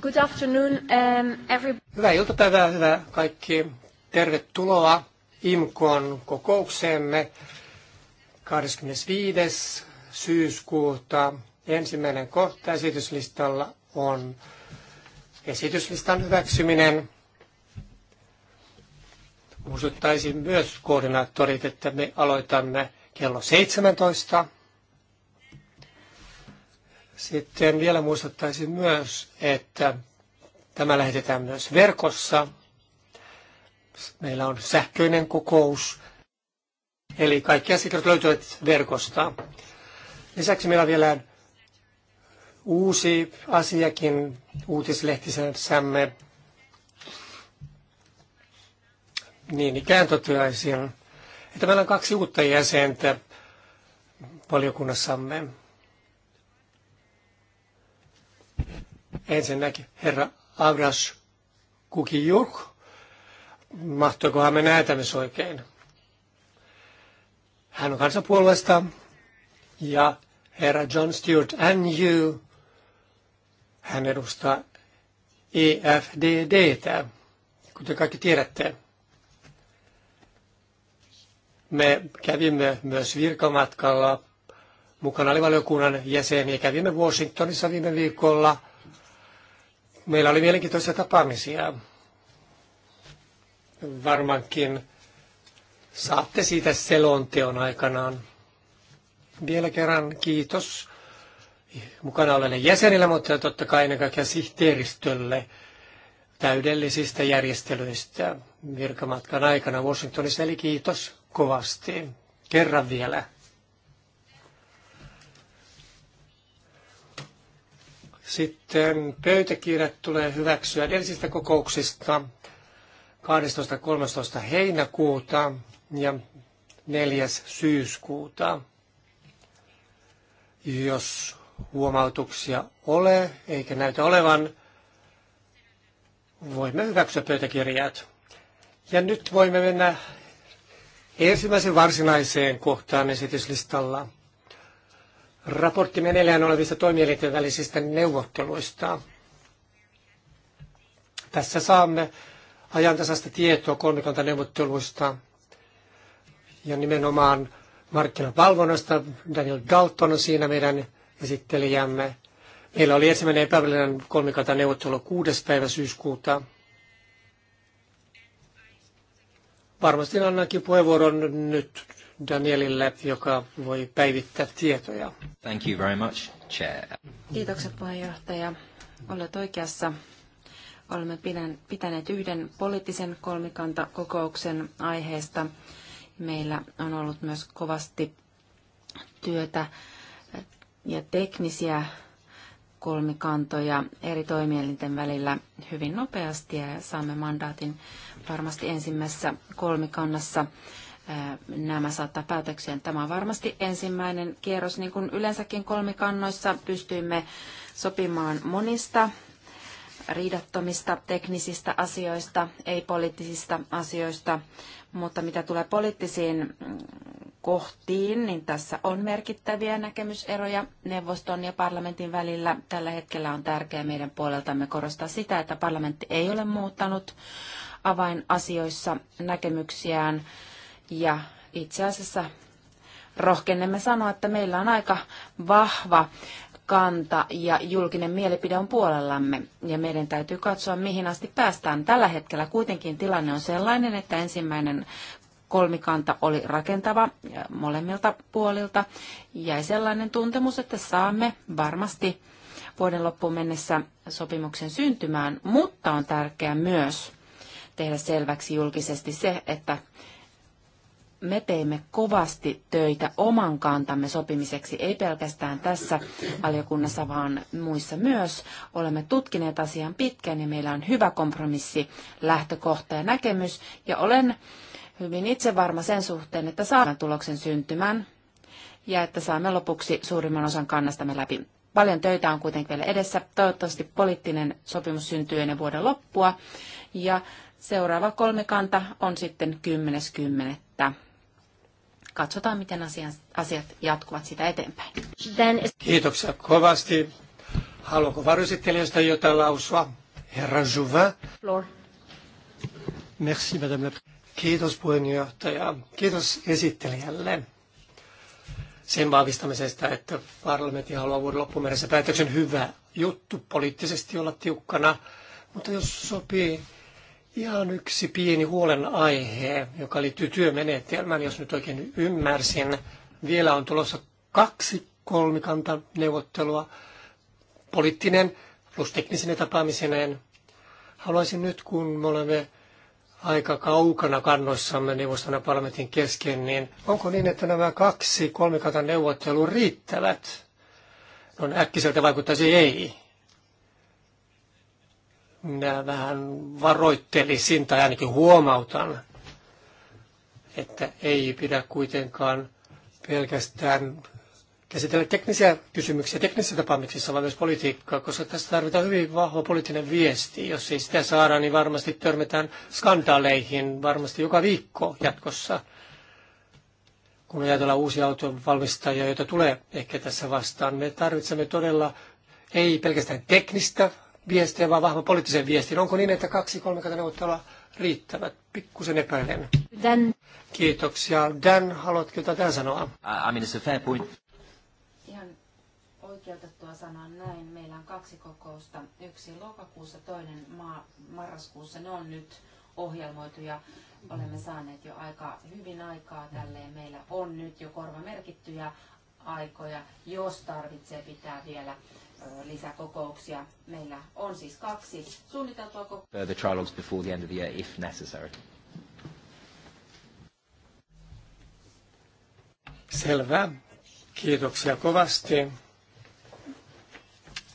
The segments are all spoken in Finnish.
Good afternoon, um, every... Hyvää iltapäivää, hyvää kaikki. Tervetuloa IMKON kokoukseemme 25. syyskuuta. Ensimmäinen kohta esityslistalla on esityslistan hyväksyminen. Muistuttaisin myös koordinaattorit, että me aloitamme kello 17 sitten vielä muistuttaisin myös, että tämä lähetetään myös verkossa. Meillä on sähköinen kokous, eli kaikki asiakirjat löytyvät verkosta. Lisäksi meillä on vielä uusi asiakin uutislehtisessämme. Niin ikään toteaisin, että meillä on kaksi uutta jäsentä valiokunnassamme. Ensinnäkin herra Avras Kukijuk, mahtoikohan me näetämis oikein. Hän on kansanpuolueesta ja herra John Stewart Anju, hän edustaa EFDDtä, kuten kaikki tiedätte. Me kävimme myös virkamatkalla mukana oli valiokunnan jäseniä. Kävimme Washingtonissa viime viikolla Meillä oli mielenkiintoisia tapaamisia. Varmaankin saatte siitä selonteon aikanaan. Vielä kerran kiitos mukana oleville jäsenille, mutta totta kai ennen kaikkea sihteeristölle täydellisistä järjestelyistä virkamatkan aikana Washingtonissa. Eli kiitos kovasti. Kerran vielä. Sitten pöytäkirjat tulee hyväksyä edellisistä kokouksista 12.13. heinäkuuta ja 4. syyskuuta. Jos huomautuksia ole, eikä näytä olevan, voimme hyväksyä pöytäkirjat. Ja nyt voimme mennä ensimmäisen varsinaiseen kohtaan esityslistallaan raportti meneillään olevista toimielinten välisistä neuvotteluista. Tässä saamme ajantasasta tietoa kolmikantaneuvotteluista ja nimenomaan markkinavalvonnasta. Daniel Dalton on siinä meidän esittelijämme. Meillä oli ensimmäinen epävirallinen kolmikantaneuvottelu 6. päivä syyskuuta. Varmasti annankin puheenvuoron nyt Danielille, joka voi päivittää tietoja. Thank you very much, Chair. Kiitokset puheenjohtaja. Olet oikeassa. Olemme pitäneet yhden poliittisen kolmikantakokouksen aiheesta. Meillä on ollut myös kovasti työtä ja teknisiä kolmikantoja eri toimielinten välillä hyvin nopeasti ja saamme mandaatin varmasti ensimmäisessä kolmikannassa nämä saattaa päätökseen. Tämä on varmasti ensimmäinen kierros, niin kuin yleensäkin kolmikannoissa pystyimme sopimaan monista riidattomista teknisistä asioista, ei poliittisista asioista, mutta mitä tulee poliittisiin mm, kohtiin, niin tässä on merkittäviä näkemyseroja neuvoston ja parlamentin välillä. Tällä hetkellä on tärkeää meidän puoleltamme korostaa sitä, että parlamentti ei ole muuttanut avainasioissa näkemyksiään ja itse asiassa rohkenemme sanoa, että meillä on aika vahva kanta ja julkinen mielipide on puolellamme. Ja meidän täytyy katsoa, mihin asti päästään. Tällä hetkellä kuitenkin tilanne on sellainen, että ensimmäinen kolmikanta oli rakentava molemmilta puolilta. Jäi sellainen tuntemus, että saamme varmasti vuoden loppuun mennessä sopimuksen syntymään, mutta on tärkeää myös tehdä selväksi julkisesti se, että me teimme kovasti töitä oman kantamme sopimiseksi, ei pelkästään tässä valiokunnassa, vaan muissa myös. Olemme tutkineet asian pitkään ja meillä on hyvä kompromissi, lähtökohta ja näkemys. Ja olen hyvin itse varma sen suhteen, että saamme tuloksen syntymään ja että saamme lopuksi suurimman osan kannastamme läpi. Paljon töitä on kuitenkin vielä edessä. Toivottavasti poliittinen sopimus syntyy ennen vuoden loppua. Ja seuraava kolmikanta on sitten 10.10. .10 katsotaan, miten asiat jatkuvat sitä eteenpäin. Kiitoksia kovasti. Haluatko varusittelijasta jotain lausua? Herra Jouvin. Floor. Merci, madame la... Kiitos puheenjohtaja. Kiitos esittelijälle sen vahvistamisesta, että parlamentti haluaa vuoden loppumennessä päätöksen hyvä juttu poliittisesti olla tiukkana. Mutta jos sopii, Ihan yksi pieni huolenaihe, joka liittyy työmenetelmään, jos nyt oikein ymmärsin. Vielä on tulossa kaksi kolmikantaneuvottelua, poliittinen plus teknisinä tapaamisineen. Haluaisin nyt, kun me olemme aika kaukana kannoissamme neuvoston ja parlamentin kesken, niin onko niin, että nämä kaksi kolmikantaneuvottelua riittävät? No äkkiseltä vaikuttaisi ei minä vähän varoittelisin tai ainakin huomautan, että ei pidä kuitenkaan pelkästään käsitellä teknisiä kysymyksiä teknisissä tapaamisissa, vaan myös politiikkaa, koska tässä tarvitaan hyvin vahva poliittinen viesti. Jos ei sitä saada, niin varmasti törmätään skandaaleihin varmasti joka viikko jatkossa. Kun ajatellaan uusia autovalmistajia, joita tulee ehkä tässä vastaan, me tarvitsemme todella ei pelkästään teknistä viestiä, vaan vahvan poliittisen viestin. Onko niin, että kaksi kolmikata neuvottelua riittävät? Pikkusen epäilen. Dan. Kiitoksia. Dan, haluatko jotain sanoa? I mean, it's a fair point. Ihan oikeutettua sanoa näin. Meillä on kaksi kokousta. Yksi lokakuussa, toinen ma- marraskuussa. Ne on nyt ohjelmoitu ja olemme saaneet jo aika hyvin aikaa tälleen. Meillä on nyt jo korvamerkittyjä aikoja, jos tarvitsee pitää vielä lisäkokouksia. Meillä on siis kaksi suunniteltua kokousta. Uh, before the end of the year, if necessary. Selvä. Kiitoksia kovasti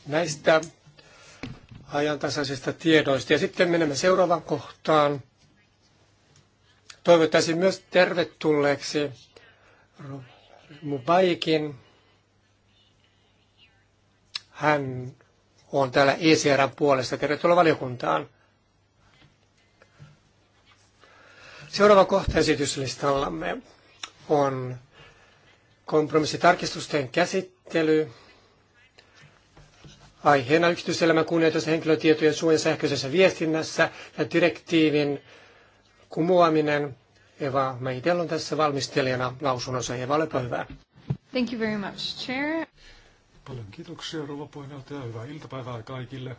näistä ajantasaisista tiedoista. Ja sitten menemme seuraavaan kohtaan. Toivottaisin myös tervetulleeksi Mubaikin hän on täällä ECRn puolesta. Tervetuloa valiokuntaan. Seuraava kohta esityslistallamme on kompromissitarkistusten käsittely. Aiheena yksityiselämän kunnioitus henkilötietojen suoja sähköisessä viestinnässä ja direktiivin kumoaminen. Eva Meitel on tässä valmistelijana lausunnossa. Eva, olepa hyvä. Thank you very much, Chair. Paljon kiitoksia rouva puheenjohtaja. Hyvää iltapäivää kaikille.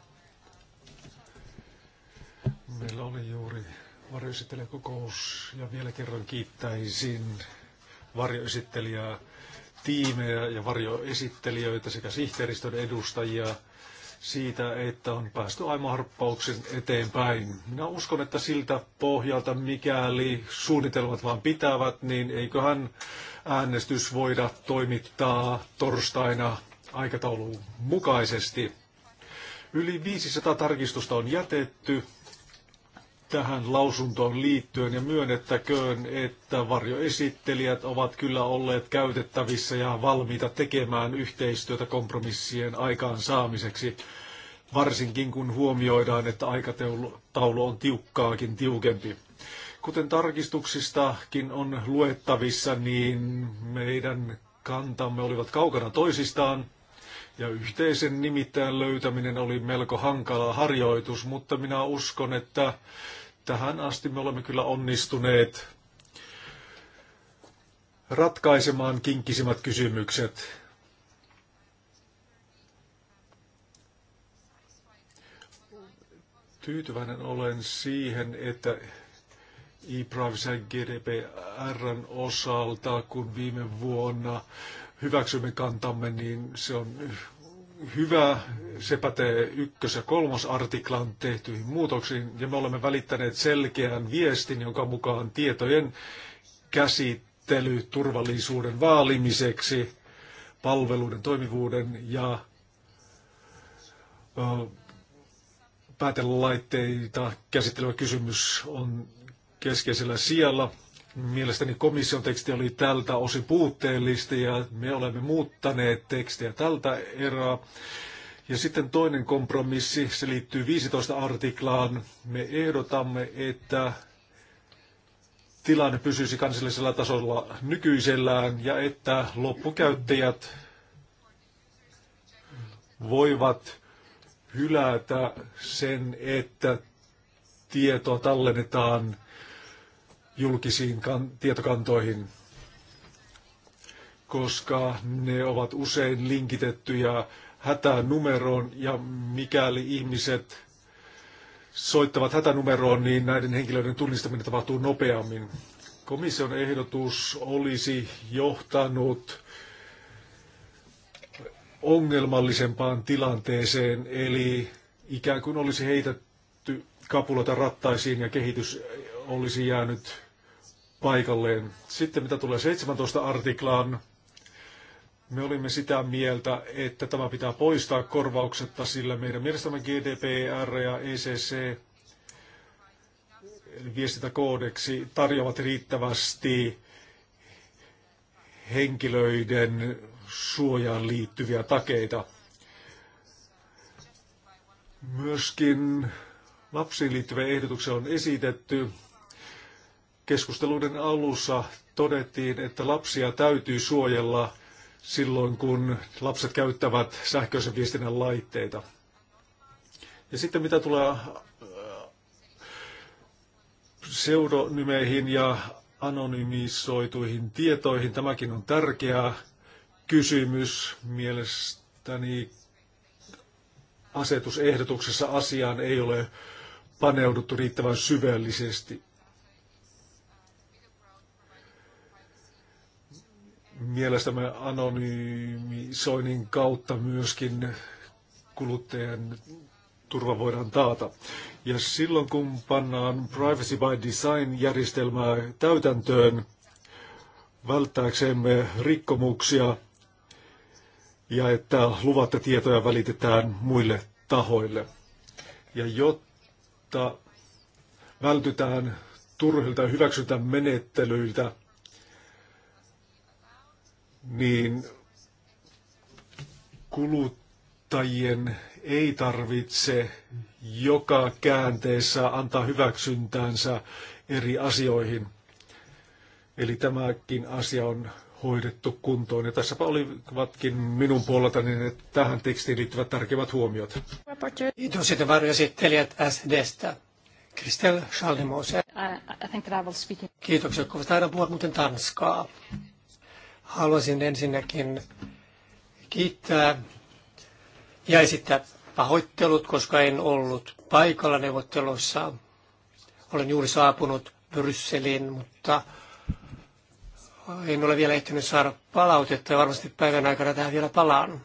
Meillä oli juuri varjoesittelijäkokous ja vielä kerran kiittäisin varjoesittelijää, tiimejä ja varjoesittelijöitä sekä sihteeristön edustajia siitä, että on päästy aimoharppauksen eteenpäin. Minä uskon, että siltä pohjalta, mikäli suunnitelmat vaan pitävät, niin eiköhän äänestys voida toimittaa torstaina aikataulun mukaisesti. Yli 500 tarkistusta on jätetty tähän lausuntoon liittyen ja myönnettäköön, että varjoesittelijät ovat kyllä olleet käytettävissä ja valmiita tekemään yhteistyötä kompromissien aikaansaamiseksi, varsinkin kun huomioidaan, että aikataulu on tiukkaakin tiukempi. Kuten tarkistuksistakin on luettavissa, niin meidän kantamme olivat kaukana toisistaan. Ja yhteisen nimittäin löytäminen oli melko hankala harjoitus, mutta minä uskon, että tähän asti me olemme kyllä onnistuneet ratkaisemaan kinkkisimmät kysymykset. Tyytyväinen olen siihen, että e-privacy GDPRn osalta, kun viime vuonna hyväksymme kantamme, niin se on hyvä. Se pätee ykkös- ja kolmosartiklan tehtyihin muutoksiin, ja me olemme välittäneet selkeän viestin, jonka mukaan tietojen käsittely turvallisuuden vaalimiseksi, palveluiden toimivuuden ja päätelaitteita käsittelevä kysymys on keskeisellä sijalla. Mielestäni komission teksti oli tältä osin puutteellista ja me olemme muuttaneet tekstiä tältä erää. Ja sitten toinen kompromissi, se liittyy 15 artiklaan. Me ehdotamme, että tilanne pysyisi kansallisella tasolla nykyisellään ja että loppukäyttäjät voivat hylätä sen, että tietoa tallennetaan julkisiin tietokantoihin, koska ne ovat usein linkitettyjä hätänumeroon ja mikäli ihmiset soittavat hätänumeroon, niin näiden henkilöiden tunnistaminen tapahtuu nopeammin. Komission ehdotus olisi johtanut ongelmallisempaan tilanteeseen, eli ikään kuin olisi heitetty kapuloita rattaisiin ja kehitys olisi jäänyt paikalleen. Sitten mitä tulee 17 artiklaan, me olimme sitä mieltä, että tämä pitää poistaa korvauksetta, sillä meidän mielestämme GDPR ja ECC viestintäkoodeksi tarjoavat riittävästi henkilöiden suojaan liittyviä takeita. Myöskin lapsiin liittyviä ehdotuksia on esitetty Keskusteluiden alussa todettiin, että lapsia täytyy suojella silloin, kun lapset käyttävät sähköisen viestinnän laitteita. Ja sitten mitä tulee äh, pseudonymeihin ja anonymisoituihin tietoihin, tämäkin on tärkeä kysymys. Mielestäni asetusehdotuksessa asiaan ei ole paneuduttu riittävän syvällisesti. mielestämme anonymisoinnin kautta myöskin kuluttajan turva voidaan taata. Ja silloin kun pannaan Privacy by Design-järjestelmää täytäntöön välttääksemme rikkomuksia ja että luvatta tietoja välitetään muille tahoille. Ja jotta vältytään turhilta hyväksyntämenettelyiltä, niin kuluttajien ei tarvitse joka käänteessä antaa hyväksyntäänsä eri asioihin. Eli tämäkin asia on hoidettu kuntoon. Ja tässäpä olivatkin minun puoleltani niin tähän tekstiin liittyvät tärkeimmät huomiot. Kiitos sitten varjoesittelijät SDstä. Kristel Schaldemose. Kiitoksia, kun aina puhua muuten Tanskaa. Haluaisin ensinnäkin kiittää ja esittää pahoittelut, koska en ollut paikalla neuvotteluissa. Olen juuri saapunut Brysseliin, mutta en ole vielä ehtinyt saada palautetta ja varmasti päivän aikana tähän vielä palaan.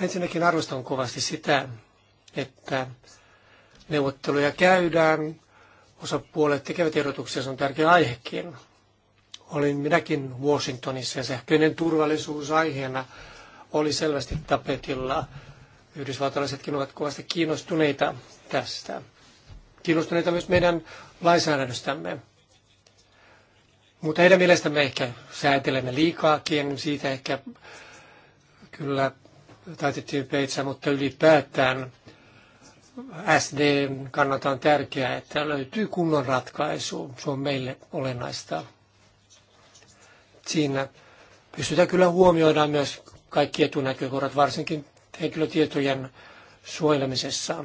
Ensinnäkin arvostan kovasti sitä, että neuvotteluja käydään. Osapuolet tekevät ehdotuksia, se on tärkeä aihekin. Olin minäkin Washingtonissa ja sähköinen turvallisuus aiheena oli selvästi tapetilla. Yhdysvaltalaisetkin ovat kovasti kiinnostuneita tästä. Kiinnostuneita myös meidän lainsäädännöstämme. Mutta heidän mielestämme ehkä säätelemme liikaakin, siitä ehkä kyllä taitettiin peitsä, mutta ylipäätään SD kannalta on tärkeää, että löytyy kunnon ratkaisu. Se on meille olennaista. Siinä pystytään kyllä huomioidaan myös kaikki etunäkökohdat, varsinkin henkilötietojen suojelemisessa.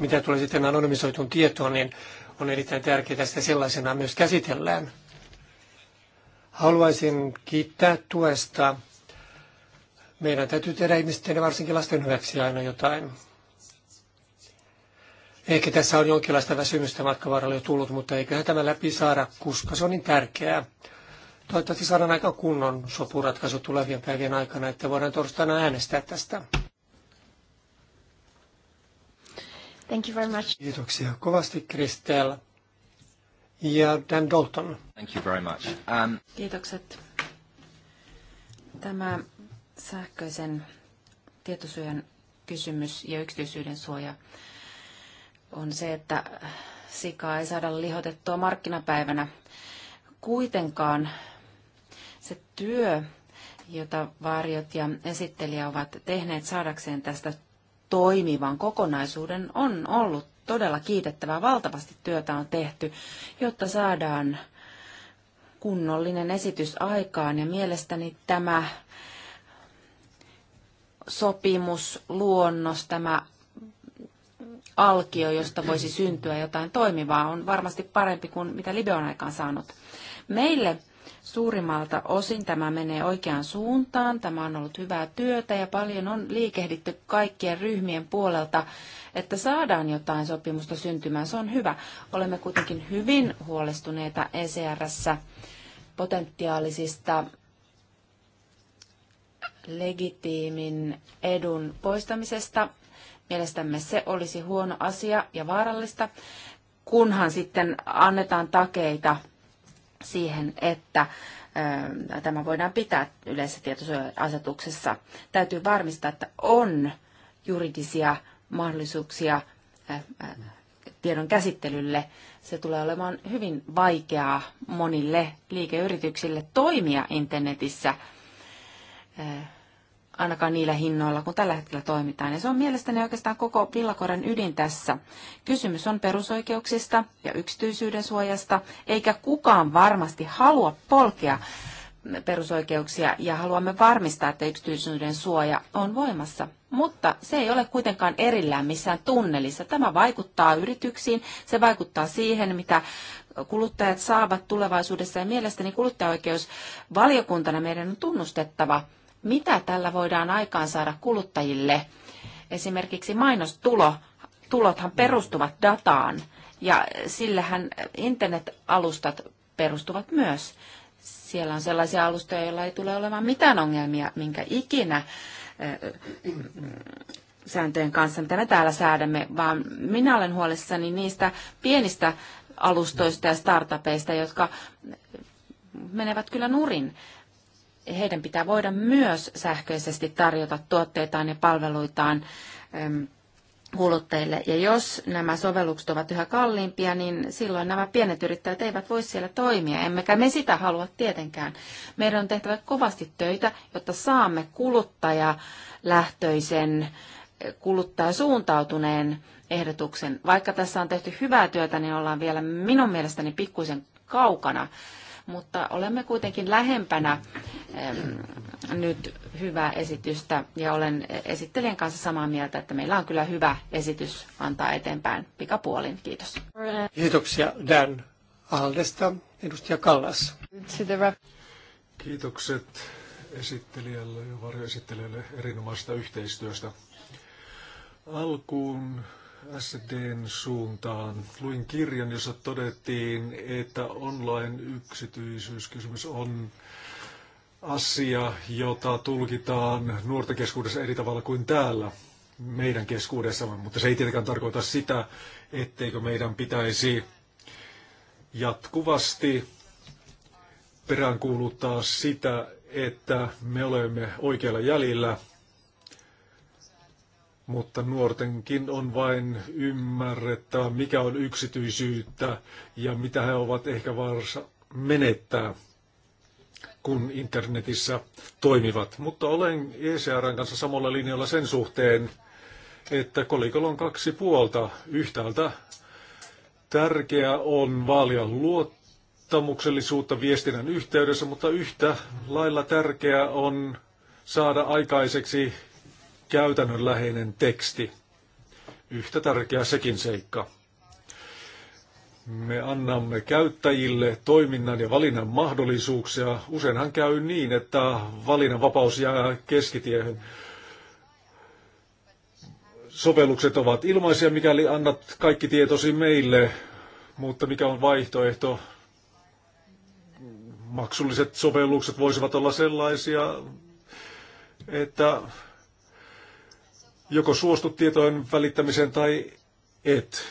Mitä tulee sitten anonymisoituun tietoon, niin on erittäin tärkeää, että sellaisena myös käsitellään. Haluaisin kiittää tuesta. Meidän täytyy tehdä ihmisten ja varsinkin lasten hyväksi aina jotain. Ehkä tässä on jonkinlaista väsymystä matkan varrella jo tullut, mutta eiköhän tämä läpi saada, koska se on niin tärkeää. Toivottavasti saadaan aika kunnon sopuratkaisu tulevien päivien aikana, että voidaan torstaina äänestää tästä. Thank you very much. Kiitoksia kovasti, Kristel. Ja Dan Dalton. Thank you very much. Um... Kiitokset. Tämä sähköisen tietosuojan kysymys ja yksityisyyden suoja on se, että sikaa ei saada lihotettua markkinapäivänä. Kuitenkaan se työ, jota varjot ja esittelijä ovat tehneet saadakseen tästä toimivan kokonaisuuden, on ollut todella kiitettävää. Valtavasti työtä on tehty, jotta saadaan kunnollinen esitys aikaan. Ja mielestäni tämä sopimusluonnos, tämä alkio, josta voisi syntyä jotain toimivaa, on varmasti parempi kuin mitä Libe on aikaan saanut. Meille suurimmalta osin tämä menee oikeaan suuntaan. Tämä on ollut hyvää työtä ja paljon on liikehditty kaikkien ryhmien puolelta, että saadaan jotain sopimusta syntymään. Se on hyvä. Olemme kuitenkin hyvin huolestuneita ECRssä potentiaalisista legitiimin edun poistamisesta Mielestämme se olisi huono asia ja vaarallista, kunhan sitten annetaan takeita siihen, että tämä voidaan pitää yleisessä tietosuoja-asetuksessa. Täytyy varmistaa, että on juridisia mahdollisuuksia tiedon käsittelylle. Se tulee olemaan hyvin vaikeaa monille liikeyrityksille toimia internetissä ainakaan niillä hinnoilla, kun tällä hetkellä toimitaan. Ja se on mielestäni oikeastaan koko pillakoren ydin tässä. Kysymys on perusoikeuksista ja yksityisyyden suojasta, eikä kukaan varmasti halua polkea perusoikeuksia ja haluamme varmistaa, että yksityisyyden suoja on voimassa. Mutta se ei ole kuitenkaan erillään missään tunnelissa. Tämä vaikuttaa yrityksiin, se vaikuttaa siihen, mitä kuluttajat saavat tulevaisuudessa ja mielestäni kuluttajaoikeusvaliokuntana meidän on tunnustettava mitä tällä voidaan aikaansaada kuluttajille. Esimerkiksi mainostulo, tulothan perustuvat dataan ja sillähän internet-alustat perustuvat myös. Siellä on sellaisia alustoja, joilla ei tule olemaan mitään ongelmia, minkä ikinä sääntöjen kanssa, mitä me täällä säädämme, vaan minä olen huolissani niistä pienistä alustoista ja startupeista, jotka menevät kyllä nurin heidän pitää voida myös sähköisesti tarjota tuotteitaan ja palveluitaan kuluttajille. Ja jos nämä sovellukset ovat yhä kalliimpia, niin silloin nämä pienet yrittäjät eivät voi siellä toimia, emmekä me sitä halua tietenkään. Meidän on tehtävä kovasti töitä, jotta saamme kuluttajalähtöisen, äh, kuluttajasuuntautuneen ehdotuksen. Vaikka tässä on tehty hyvää työtä, niin ollaan vielä minun mielestäni pikkuisen kaukana mutta olemme kuitenkin lähempänä nyt hyvää esitystä ja olen esittelijän kanssa samaa mieltä, että meillä on kyllä hyvä esitys antaa eteenpäin pikapuolin. Kiitos. Kiitoksia Dan Aldesta. Edustaja Kallas. Kiitokset esittelijälle ja varjoesittelijälle erinomaisesta yhteistyöstä. Alkuun SDn suuntaan. Luin kirjan, jossa todettiin, että online-yksityisyyskysymys on asia, jota tulkitaan nuorten keskuudessa eri tavalla kuin täällä meidän keskuudessamme, mutta se ei tietenkään tarkoita sitä, etteikö meidän pitäisi jatkuvasti peräänkuuluttaa sitä, että me olemme oikealla jäljellä – mutta nuortenkin on vain ymmärrettävä, mikä on yksityisyyttä ja mitä he ovat ehkä vaarassa menettää, kun internetissä toimivat. Mutta olen ECRn kanssa samalla linjalla sen suhteen, että kolikolla on kaksi puolta. Yhtäältä tärkeää on vaalia luottamuksellisuutta viestinnän yhteydessä, mutta yhtä lailla tärkeää on saada aikaiseksi käytännönläheinen teksti. Yhtä tärkeä sekin seikka. Me annamme käyttäjille toiminnan ja valinnan mahdollisuuksia. Useinhan käy niin, että valinnanvapaus jää keskitiehen. Sovellukset ovat ilmaisia, mikäli annat kaikki tietosi meille, mutta mikä on vaihtoehto? Maksulliset sovellukset voisivat olla sellaisia, että Joko suostut tietojen välittämiseen tai et.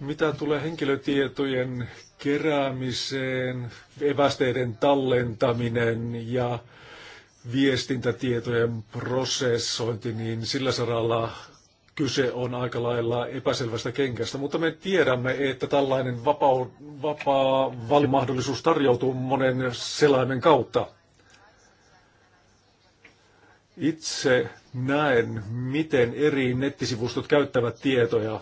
Mitä tulee henkilötietojen keräämiseen, evästeiden tallentaminen ja viestintätietojen prosessointi, niin sillä saralla kyse on aika lailla epäselvästä kenkästä, mutta me tiedämme, että tällainen vapaa, vapaa valimahdollisuus tarjoutuu monen selaimen kautta. Itse näen, miten eri nettisivustot käyttävät tietoja.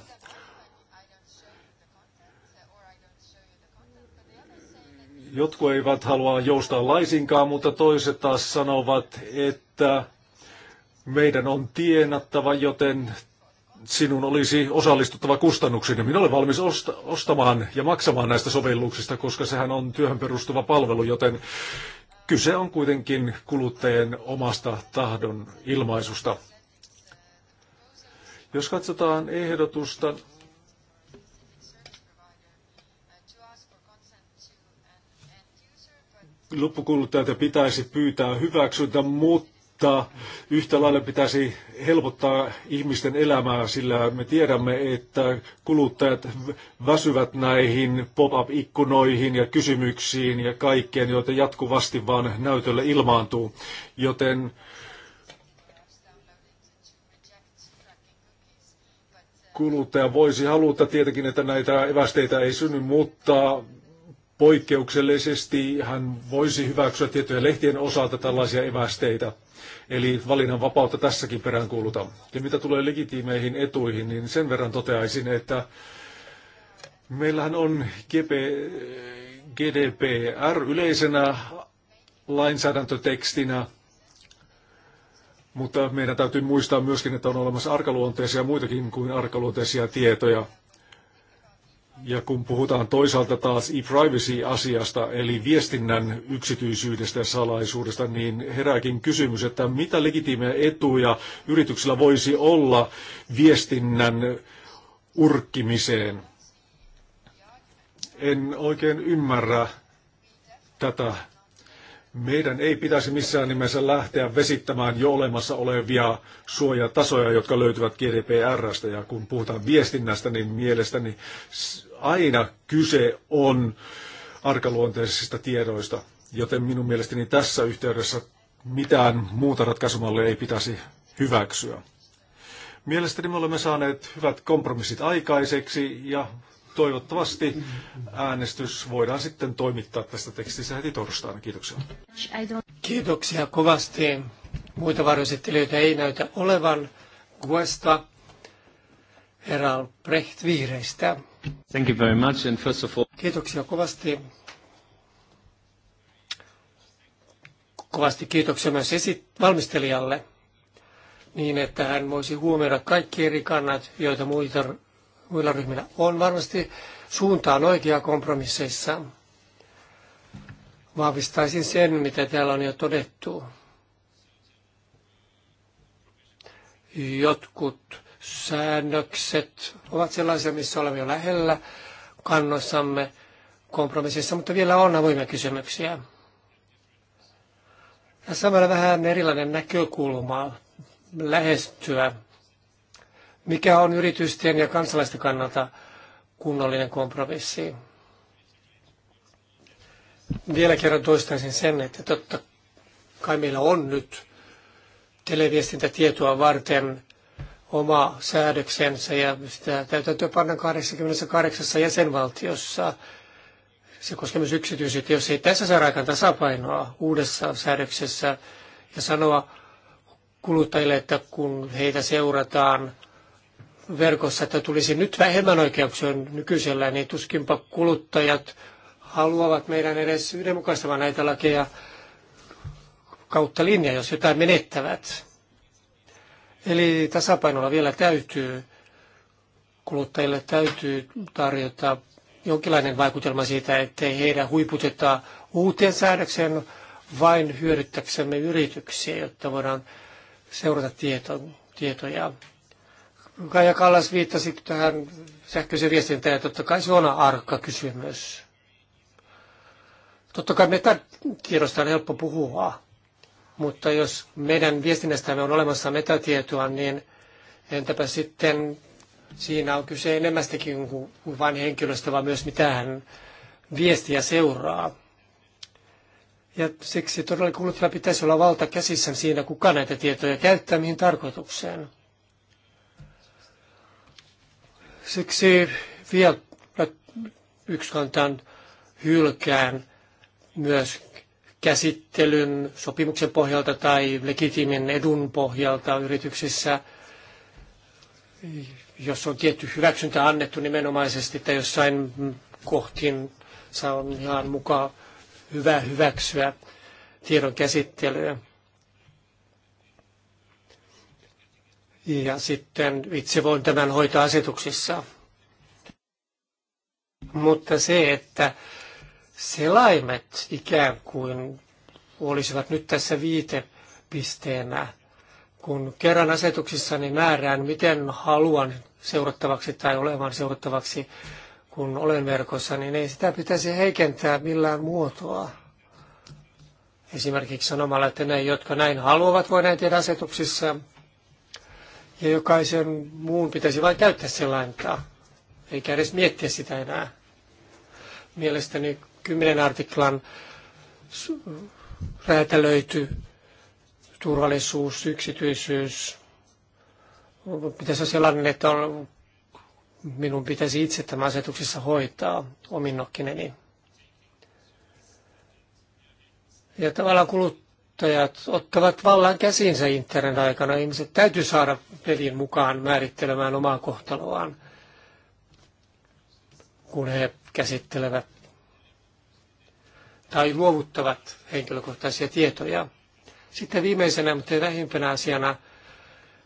Jotkut eivät halua joustaa laisinkaan, mutta toiset taas sanovat, että meidän on tienattava, joten sinun olisi osallistuttava kustannuksiin. minä olen valmis osta- ostamaan ja maksamaan näistä sovelluksista, koska sehän on työhön perustuva palvelu, joten Kyse on kuitenkin kuluttajien omasta tahdon ilmaisusta. Jos katsotaan ehdotusta, loppukuluttajilta pitäisi pyytää hyväksyntä, mutta mutta yhtä lailla pitäisi helpottaa ihmisten elämää, sillä me tiedämme, että kuluttajat väsyvät näihin pop-up-ikkunoihin ja kysymyksiin ja kaikkeen, joita jatkuvasti vaan näytölle ilmaantuu. Joten kuluttaja voisi haluta tietenkin, että näitä evästeitä ei synny, mutta poikkeuksellisesti hän voisi hyväksyä tiettyjen lehtien osalta tällaisia evästeitä. Eli valinnan vapautta tässäkin peräänkuuluta. Ja mitä tulee legitiimeihin etuihin, niin sen verran toteaisin, että meillähän on GP, GDPR yleisenä lainsäädäntötekstinä, mutta meidän täytyy muistaa myöskin, että on olemassa arkaluonteisia muitakin kuin arkaluonteisia tietoja. Ja kun puhutaan toisaalta taas e-privacy-asiasta, eli viestinnän yksityisyydestä ja salaisuudesta, niin herääkin kysymys, että mitä legitiimejä etuja yrityksillä voisi olla viestinnän urkkimiseen? En oikein ymmärrä tätä. Meidän ei pitäisi missään nimessä lähteä vesittämään jo olemassa olevia suojatasoja, jotka löytyvät GDPRstä. Ja kun puhutaan viestinnästä, niin mielestäni aina kyse on arkaluonteisista tiedoista, joten minun mielestäni tässä yhteydessä mitään muuta ratkaisumallia ei pitäisi hyväksyä. Mielestäni me olemme saaneet hyvät kompromissit aikaiseksi ja toivottavasti äänestys voidaan sitten toimittaa tästä tekstistä heti torstaina. Kiitoksia. Kiitoksia kovasti. Muita varjoesittelijöitä ei näytä olevan. Guesta Herra Brecht vihreistä. Thank you very much and first of all... Kiitoksia kovasti. Kovasti kiitoksia myös esit- valmistelijalle niin, että hän voisi huomioida kaikki eri kannat, joita muita, muilla ryhmillä on. Varmasti suuntaan oikea kompromisseissa. Vahvistaisin sen, mitä täällä on jo todettu. Jotkut säännökset ovat sellaisia, missä olemme jo lähellä kannossamme kompromississa, mutta vielä on avoimia kysymyksiä. Ja samalla vähän erilainen näkökulma lähestyä, mikä on yritysten ja kansalaisten kannalta kunnollinen kompromissi. Vielä kerran toistaisin sen, että totta kai meillä on nyt televiestintätietoa varten oma säädöksensä ja sitä täytäntöön pannaan 88 jäsenvaltiossa. Se koskee myös yksityisyyttä, Jos ei tässä saada aikaan tasapainoa uudessa säädöksessä ja sanoa kuluttajille, että kun heitä seurataan verkossa, että tulisi nyt vähemmän oikeuksia nykyisellä, niin tuskinpa kuluttajat haluavat meidän edes yhdenmukaistamaan näitä lakeja kautta linja, jos jotain menettävät. Eli tasapainolla vielä täytyy, kuluttajille täytyy tarjota jonkinlainen vaikutelma siitä, ettei heidän huiputeta uuteen säädökseen vain hyödyttäksemme yrityksiä, jotta voidaan seurata tieto, tietoja. Kaija Kallas viittasi tähän sähköiseen viestintään, ja totta kai se on arkka kysymys. Totta kai meitä tiedosta on helppo puhua, mutta jos meidän viestinnästämme on olemassa metatietoa, niin entäpä sitten siinä on kyse enemmästäkin kuin vain henkilöstä, vaan myös mitä hän viestiä seuraa. Ja siksi todella kuluttajalla pitäisi olla valta käsissä siinä, kuka näitä tietoja käyttää, mihin tarkoitukseen. Siksi vielä yksi kantan hylkään myös käsittelyn sopimuksen pohjalta tai legitiimin edun pohjalta yrityksissä, jos on tietty hyväksyntä annettu nimenomaisesti, että jossain kohtiin saa on ihan mukaan hyvä hyväksyä tiedon käsittelyä. Ja sitten itse voin tämän hoitaa asetuksissa. Mutta se, että selaimet ikään kuin olisivat nyt tässä viitepisteenä, kun kerran asetuksissani niin määrään, miten haluan seurattavaksi tai olevan seurattavaksi, kun olen verkossa, niin ei sitä pitäisi heikentää millään muotoa. Esimerkiksi sanomalla, että ne, jotka näin haluavat, voi näin tehdä asetuksissa, ja jokaisen muun pitäisi vain käyttää selainta, eikä edes miettiä sitä enää. Mielestäni 10 artiklan räätälöity turvallisuus, yksityisyys. Pitäisi olla sellainen, että on, minun pitäisi itse tämä asetuksessa hoitaa ominnokkineni. Ja tavallaan kuluttajat ottavat vallan käsinsä internet aikana. Ihmiset täytyy saada pelin mukaan määrittelemään omaa kohtaloaan, kun he käsittelevät tai luovuttavat henkilökohtaisia tietoja. Sitten viimeisenä, mutta ei vähimpänä asiana,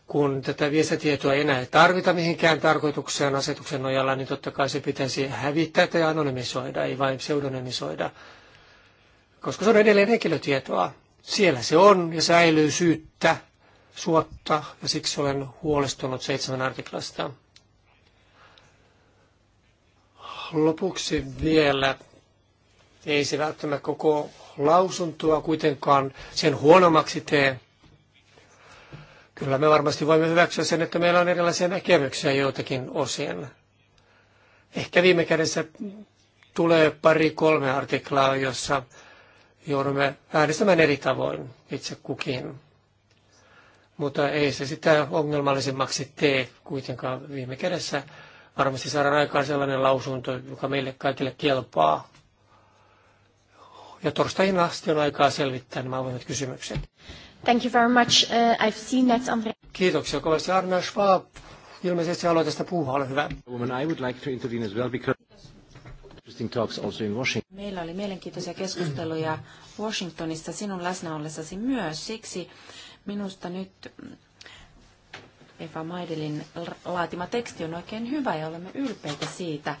kun tätä viestitietoa ei enää tarvita mihinkään tarkoitukseen asetuksen nojalla, niin totta kai se pitäisi hävittää tai anonymisoida, ei vain pseudonymisoida, koska se on edelleen henkilötietoa. Siellä se on ja säilyy syyttä, suotta, ja siksi olen huolestunut seitsemän artiklasta. Lopuksi vielä ei se välttämättä koko lausuntoa kuitenkaan sen huonommaksi tee. Kyllä me varmasti voimme hyväksyä sen, että meillä on erilaisia näkemyksiä joitakin osin. Ehkä viime kädessä tulee pari kolme artiklaa, jossa joudumme äänestämään eri tavoin itse kukin. Mutta ei se sitä ongelmallisemmaksi tee kuitenkaan viime kädessä. Varmasti saadaan aikaan sellainen lausunto, joka meille kaikille kelpaa. Ja torstaihin asti on aikaa selvittää nämä avoimet kysymykset. Thank you very much. Uh, I've seen that, Andre. Kiitoksia kovasti. Arne Schwab ilmeisesti haluaa tästä puhua. Ole hyvä. I would like to intervene as well because... Meillä oli mielenkiintoisia keskusteluja Washingtonissa sinun läsnäollessasi myös. Siksi minusta nyt Eva Maidelin laatima teksti on oikein hyvä ja olemme ylpeitä siitä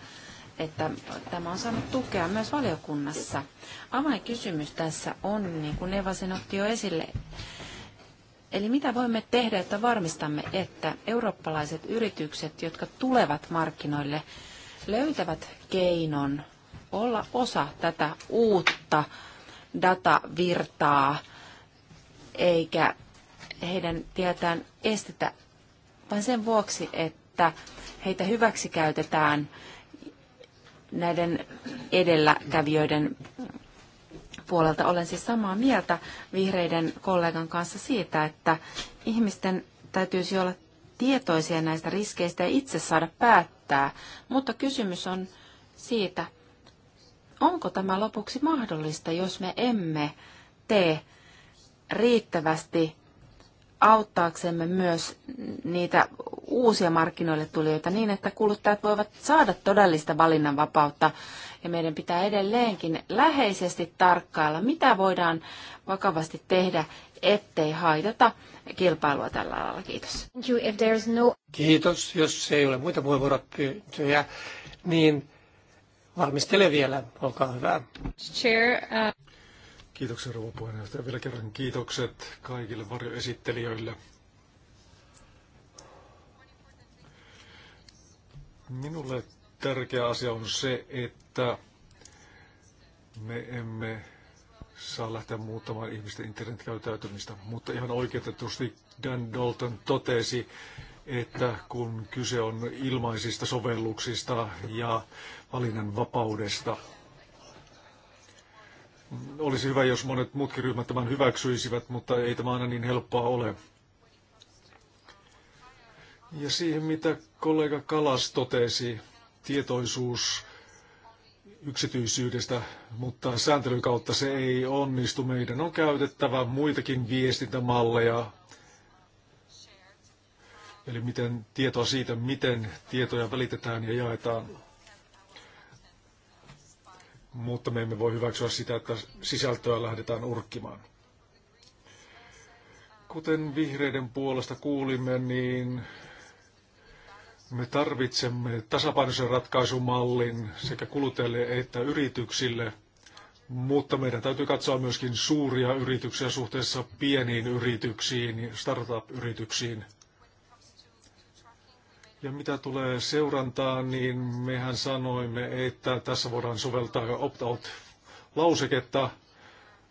että tämä on saanut tukea myös valiokunnassa. Avainkysymys tässä on, niin kuin Eva sen otti jo esille, Eli mitä voimme tehdä, että varmistamme, että eurooppalaiset yritykset, jotka tulevat markkinoille, löytävät keinon olla osa tätä uutta datavirtaa, eikä heidän tietään estetä vain sen vuoksi, että heitä hyväksikäytetään näiden edelläkävijöiden puolelta. Olen siis samaa mieltä vihreiden kollegan kanssa siitä, että ihmisten täytyisi olla tietoisia näistä riskeistä ja itse saada päättää. Mutta kysymys on siitä, onko tämä lopuksi mahdollista, jos me emme tee riittävästi auttaaksemme myös niitä uusia markkinoille tulijoita niin, että kuluttajat voivat saada todellista valinnanvapautta. Ja meidän pitää edelleenkin läheisesti tarkkailla, mitä voidaan vakavasti tehdä, ettei haitata kilpailua tällä alalla. Kiitos. No- Kiitos. Jos ei ole muita puheenvuoropyyntöjä, niin valmistele vielä. Olkaa hyvä. Chair, uh... Kiitoksia rouva puheenjohtaja. Vielä kerran kiitokset kaikille varjoesittelijöille. Minulle tärkeä asia on se, että me emme saa lähteä muuttamaan ihmisten internetkäyttäytymistä, mutta ihan oikeutetusti Dan Dalton totesi, että kun kyse on ilmaisista sovelluksista ja valinnan vapaudesta, olisi hyvä, jos monet muutkin ryhmät tämän hyväksyisivät, mutta ei tämä aina niin helppoa ole. Ja siihen, mitä kollega Kalas totesi, tietoisuus yksityisyydestä, mutta sääntelyn kautta se ei onnistu. Meidän on käytettävä muitakin viestintämalleja, eli miten tietoa siitä, miten tietoja välitetään ja jaetaan mutta me emme voi hyväksyä sitä, että sisältöä lähdetään urkkimaan. Kuten vihreiden puolesta kuulimme, niin me tarvitsemme tasapainoisen ratkaisumallin sekä kuluttajille että yrityksille, mutta meidän täytyy katsoa myöskin suuria yrityksiä suhteessa pieniin yrityksiin, startup-yrityksiin. Ja mitä tulee seurantaan, niin mehän sanoimme, että tässä voidaan soveltaa opt-out-lauseketta,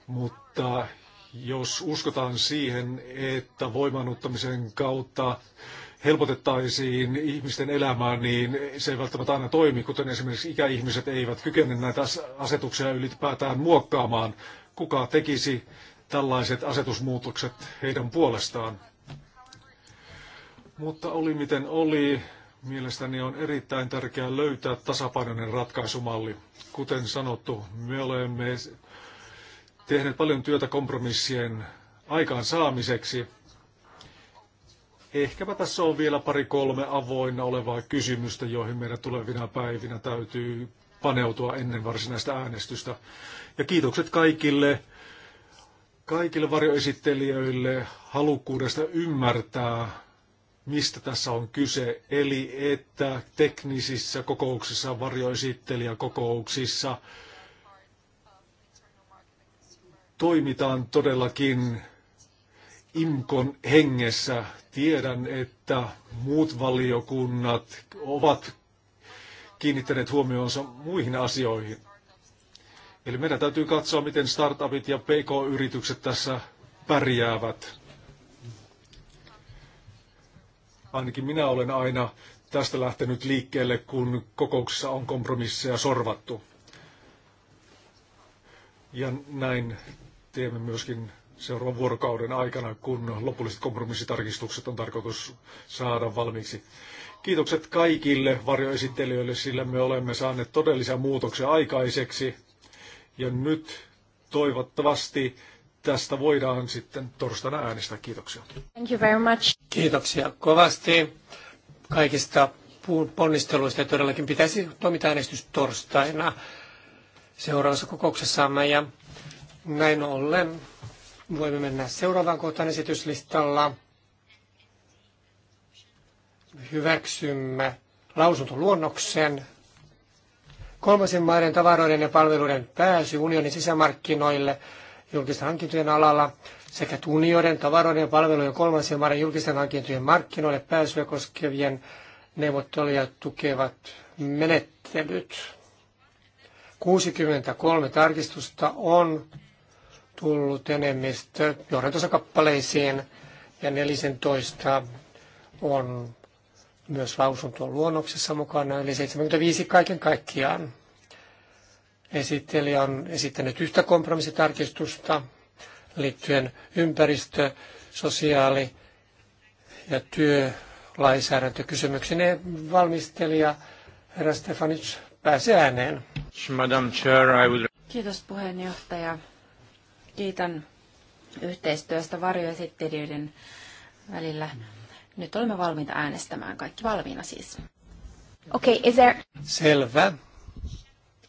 mutta jos uskotaan siihen, että voimannuttamisen kautta helpotettaisiin ihmisten elämää, niin se ei välttämättä aina toimi, kuten esimerkiksi ikäihmiset eivät kykene näitä asetuksia ylipäätään muokkaamaan. Kuka tekisi tällaiset asetusmuutokset heidän puolestaan? Mutta oli miten oli, mielestäni on erittäin tärkeää löytää tasapainoinen ratkaisumalli. Kuten sanottu, me olemme tehneet paljon työtä kompromissien aikaansaamiseksi. Ehkäpä tässä on vielä pari kolme avoinna olevaa kysymystä, joihin meidän tulevina päivinä täytyy paneutua ennen varsinaista äänestystä. Ja kiitokset kaikille, kaikille varjoesittelijöille halukkuudesta ymmärtää mistä tässä on kyse, eli että teknisissä kokouksissa, varjoesittelijäkokouksissa toimitaan todellakin IMKON hengessä. Tiedän, että muut valiokunnat ovat kiinnittäneet huomionsa muihin asioihin. Eli meidän täytyy katsoa, miten startupit ja pk-yritykset tässä pärjäävät. Ainakin minä olen aina tästä lähtenyt liikkeelle, kun kokouksessa on kompromisseja sorvattu. Ja näin teemme myöskin seuraavan vuorokauden aikana, kun lopulliset kompromissitarkistukset on tarkoitus saada valmiiksi. Kiitokset kaikille varjoesittelijöille, sillä me olemme saaneet todellisia muutoksia aikaiseksi. Ja nyt toivottavasti tästä voidaan sitten torstaina äänestää. Kiitoksia. Thank you very much. Kiitoksia kovasti kaikista ponnisteluista. Todellakin pitäisi toimita äänestys torstaina seuraavassa kokouksessamme. Ja näin ollen voimme mennä seuraavaan kohtaan esityslistalla. Hyväksymme lausuntoluonnoksen. Kolmasen maiden tavaroiden ja palveluiden pääsy unionin sisämarkkinoille – julkisten hankintojen alalla sekä tunnijoiden, tavaroiden ja palvelujen kolmansien maiden julkisten hankintojen markkinoille pääsyä koskevien neuvotteluja tukevat menettelyt. 63 tarkistusta on tullut enemmistö johdantosakappaleisiin ja 14 on myös lausuntoluonnoksessa mukana, eli 75 kaiken kaikkiaan. Esittelijä on esittänyt yhtä kompromissitarkistusta liittyen ympäristö-, sosiaali- ja työlainsäädäntökysymyksiin. Valmistelija herra Stefanic pääsee ääneen. Madam Chair, I would... Kiitos puheenjohtaja. Kiitän yhteistyöstä varjoesittelijöiden välillä. Nyt olemme valmiita äänestämään. Kaikki valmiina siis. Okei, okay, is there... Selvä.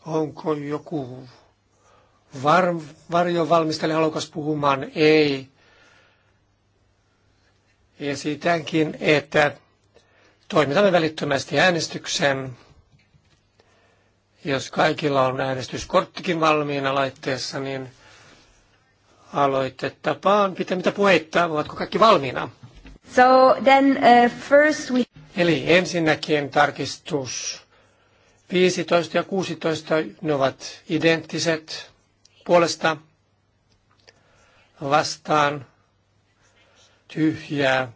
Onko joku var, varjon valmistelija halukas puhumaan? Ei. Esitänkin, että toimitamme välittömästi äänestyksen. Jos kaikilla on äänestyskorttikin valmiina laitteessa, niin Pitää mitä puheita. Ovatko kaikki valmiina? So then, uh, first we... Eli ensinnäkin tarkistus 15 ja 16, ne ovat identtiset puolesta vastaan tyhjää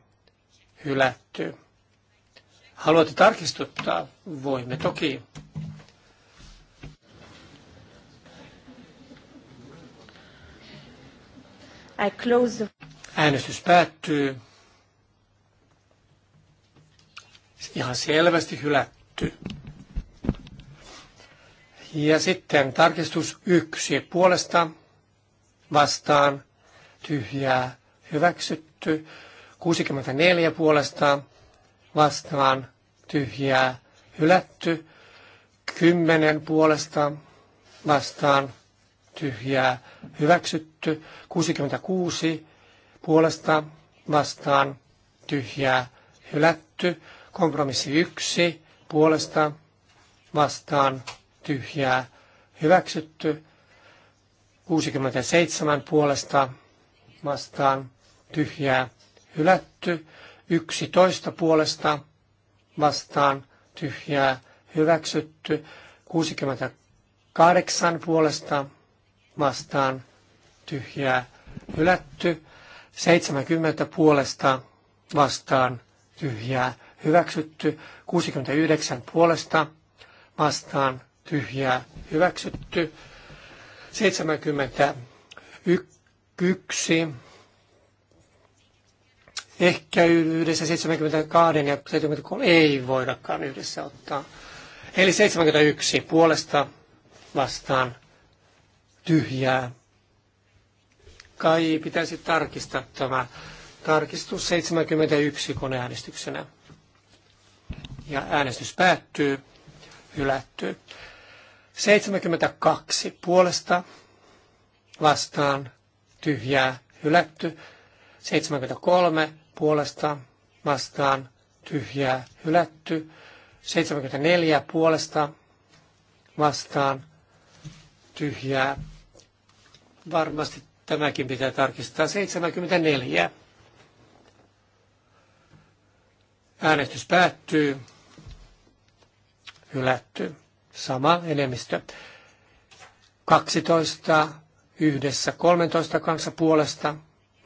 hylätty. Haluatte tarkistuttaa? Voimme toki. I close Äänestys päättyy. Ihan selvästi hylätty. Ja sitten tarkistus yksi puolesta vastaan tyhjää hyväksytty. 64 puolesta vastaan tyhjää hylätty. 10 puolesta vastaan tyhjää hyväksytty. 66 puolesta vastaan tyhjää hylätty. Kompromissi 1 puolesta vastaan tyhjää hyväksytty. 67 puolesta vastaan tyhjää hylätty. 11 puolesta vastaan tyhjää hyväksytty. 68 puolesta vastaan tyhjää hylätty. 70 puolesta vastaan tyhjää hyväksytty. 69 puolesta vastaan tyhjää hyväksytty. 71 ehkä yhdessä 72 ja 73 ei voidakaan yhdessä ottaa. Eli 71 puolesta vastaan tyhjää. Kai pitäisi tarkistaa tämä tarkistus 71 koneäänestyksenä. Ja äänestys päättyy, hylättyy. 72 puolesta vastaan tyhjää hylätty. 73 puolesta vastaan tyhjää hylätty. 74 puolesta vastaan tyhjää. Varmasti tämäkin pitää tarkistaa. 74. Äänestys päättyy. Hylätty sama enemmistö. 12 yhdessä 13 kanssa puolesta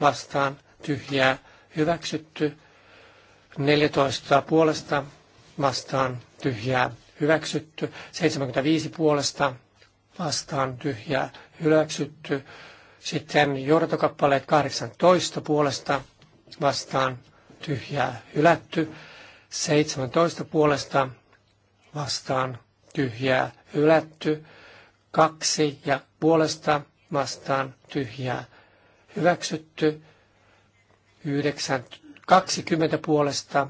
vastaan tyhjää hyväksytty. 14 puolesta vastaan tyhjää hyväksytty. 75 puolesta vastaan tyhjää hyväksytty. Sitten johdatokappaleet 18 puolesta vastaan tyhjää hylätty. 17 puolesta vastaan tyhjää hylätty, kaksi ja puolesta vastaan tyhjää hyväksytty, yhdeksän, kaksikymmentä puolesta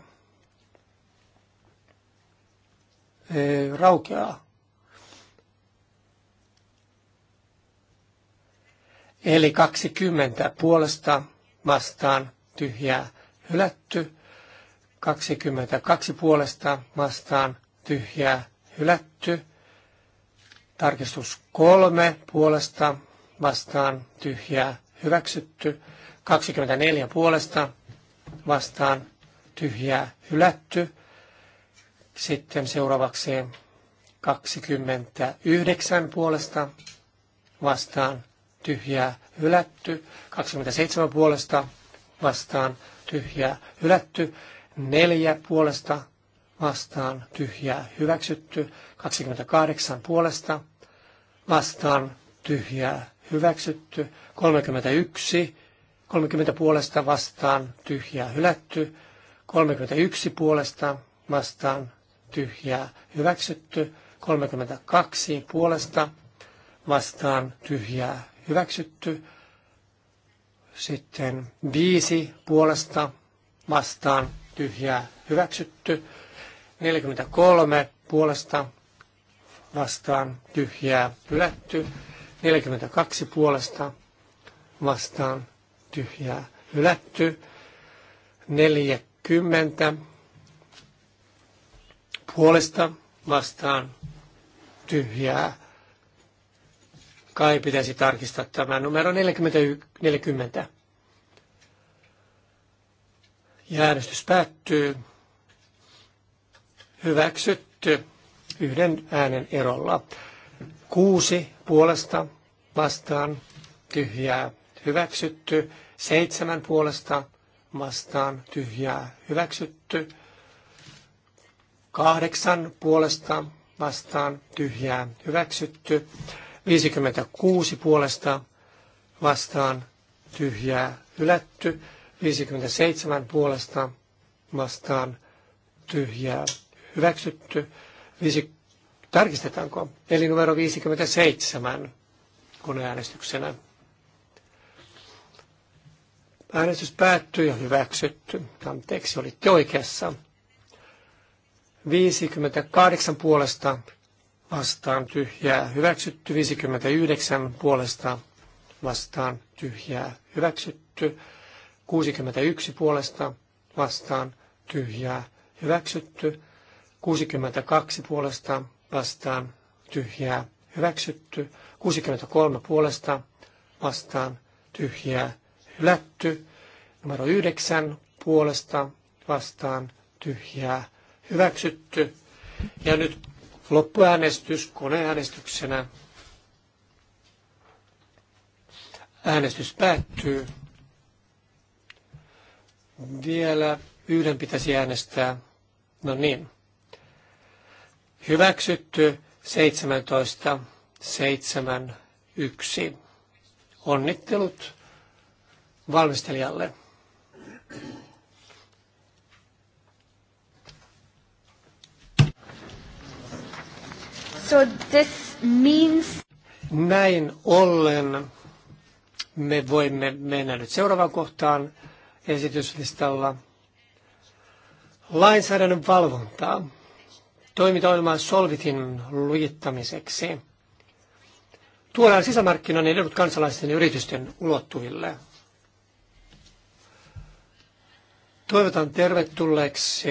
ö, raukeaa. Eli 20 puolesta vastaan tyhjää hylätty, 22 puolesta vastaan tyhjää hylätty. Tarkistus kolme puolesta vastaan tyhjää hyväksytty. 24 puolesta vastaan tyhjää hylätty. Sitten seuraavaksi 29 puolesta vastaan tyhjää hylätty. 27 puolesta vastaan tyhjää hylätty. 4 puolesta vastaan tyhjää hyväksytty. 28 puolesta vastaan tyhjää hyväksytty. 31 30 puolesta vastaan tyhjää hylätty. 31 puolesta vastaan tyhjää hyväksytty. 32 puolesta vastaan tyhjää hyväksytty. Sitten 5 puolesta vastaan tyhjää hyväksytty. 43 puolesta vastaan tyhjää hylätty. 42 puolesta vastaan tyhjää hylätty. 40 puolesta vastaan tyhjää. Kai pitäisi tarkistaa tämä numero 40. 40. Ja äänestys päättyy hyväksytty yhden äänen erolla. Kuusi puolesta vastaan tyhjää hyväksytty, seitsemän puolesta vastaan tyhjää hyväksytty, kahdeksan puolesta vastaan tyhjää hyväksytty, 56 puolesta vastaan tyhjää hylätty, 57 puolesta vastaan tyhjää hyväksytty. Viisi, tarkistetaanko? Eli numero 57 koneäänestyksenä. Äänestys päättyy ja hyväksytty. Anteeksi, olitte oikeassa. 58 puolesta vastaan tyhjää hyväksytty, 59 puolesta vastaan tyhjää hyväksytty, 61 puolesta vastaan tyhjää hyväksytty, 62 puolesta vastaan tyhjää hyväksytty, 63 puolesta vastaan tyhjää hylätty, numero 9 puolesta vastaan tyhjää hyväksytty. Ja nyt loppuäänestys koneäänestyksenä. Äänestys päättyy. Vielä yhden pitäisi äänestää. No niin. Hyväksytty 17.7.1. Onnittelut valmistelijalle. So this means... Näin ollen me voimme mennä nyt seuraavaan kohtaan esityslistalla. Lainsäädännön valvontaa toimintaohjelman Solvitin lujittamiseksi. Tuodaan sisämarkkinoiden edut kansalaisten ja yritysten ulottuville. Toivotan tervetulleeksi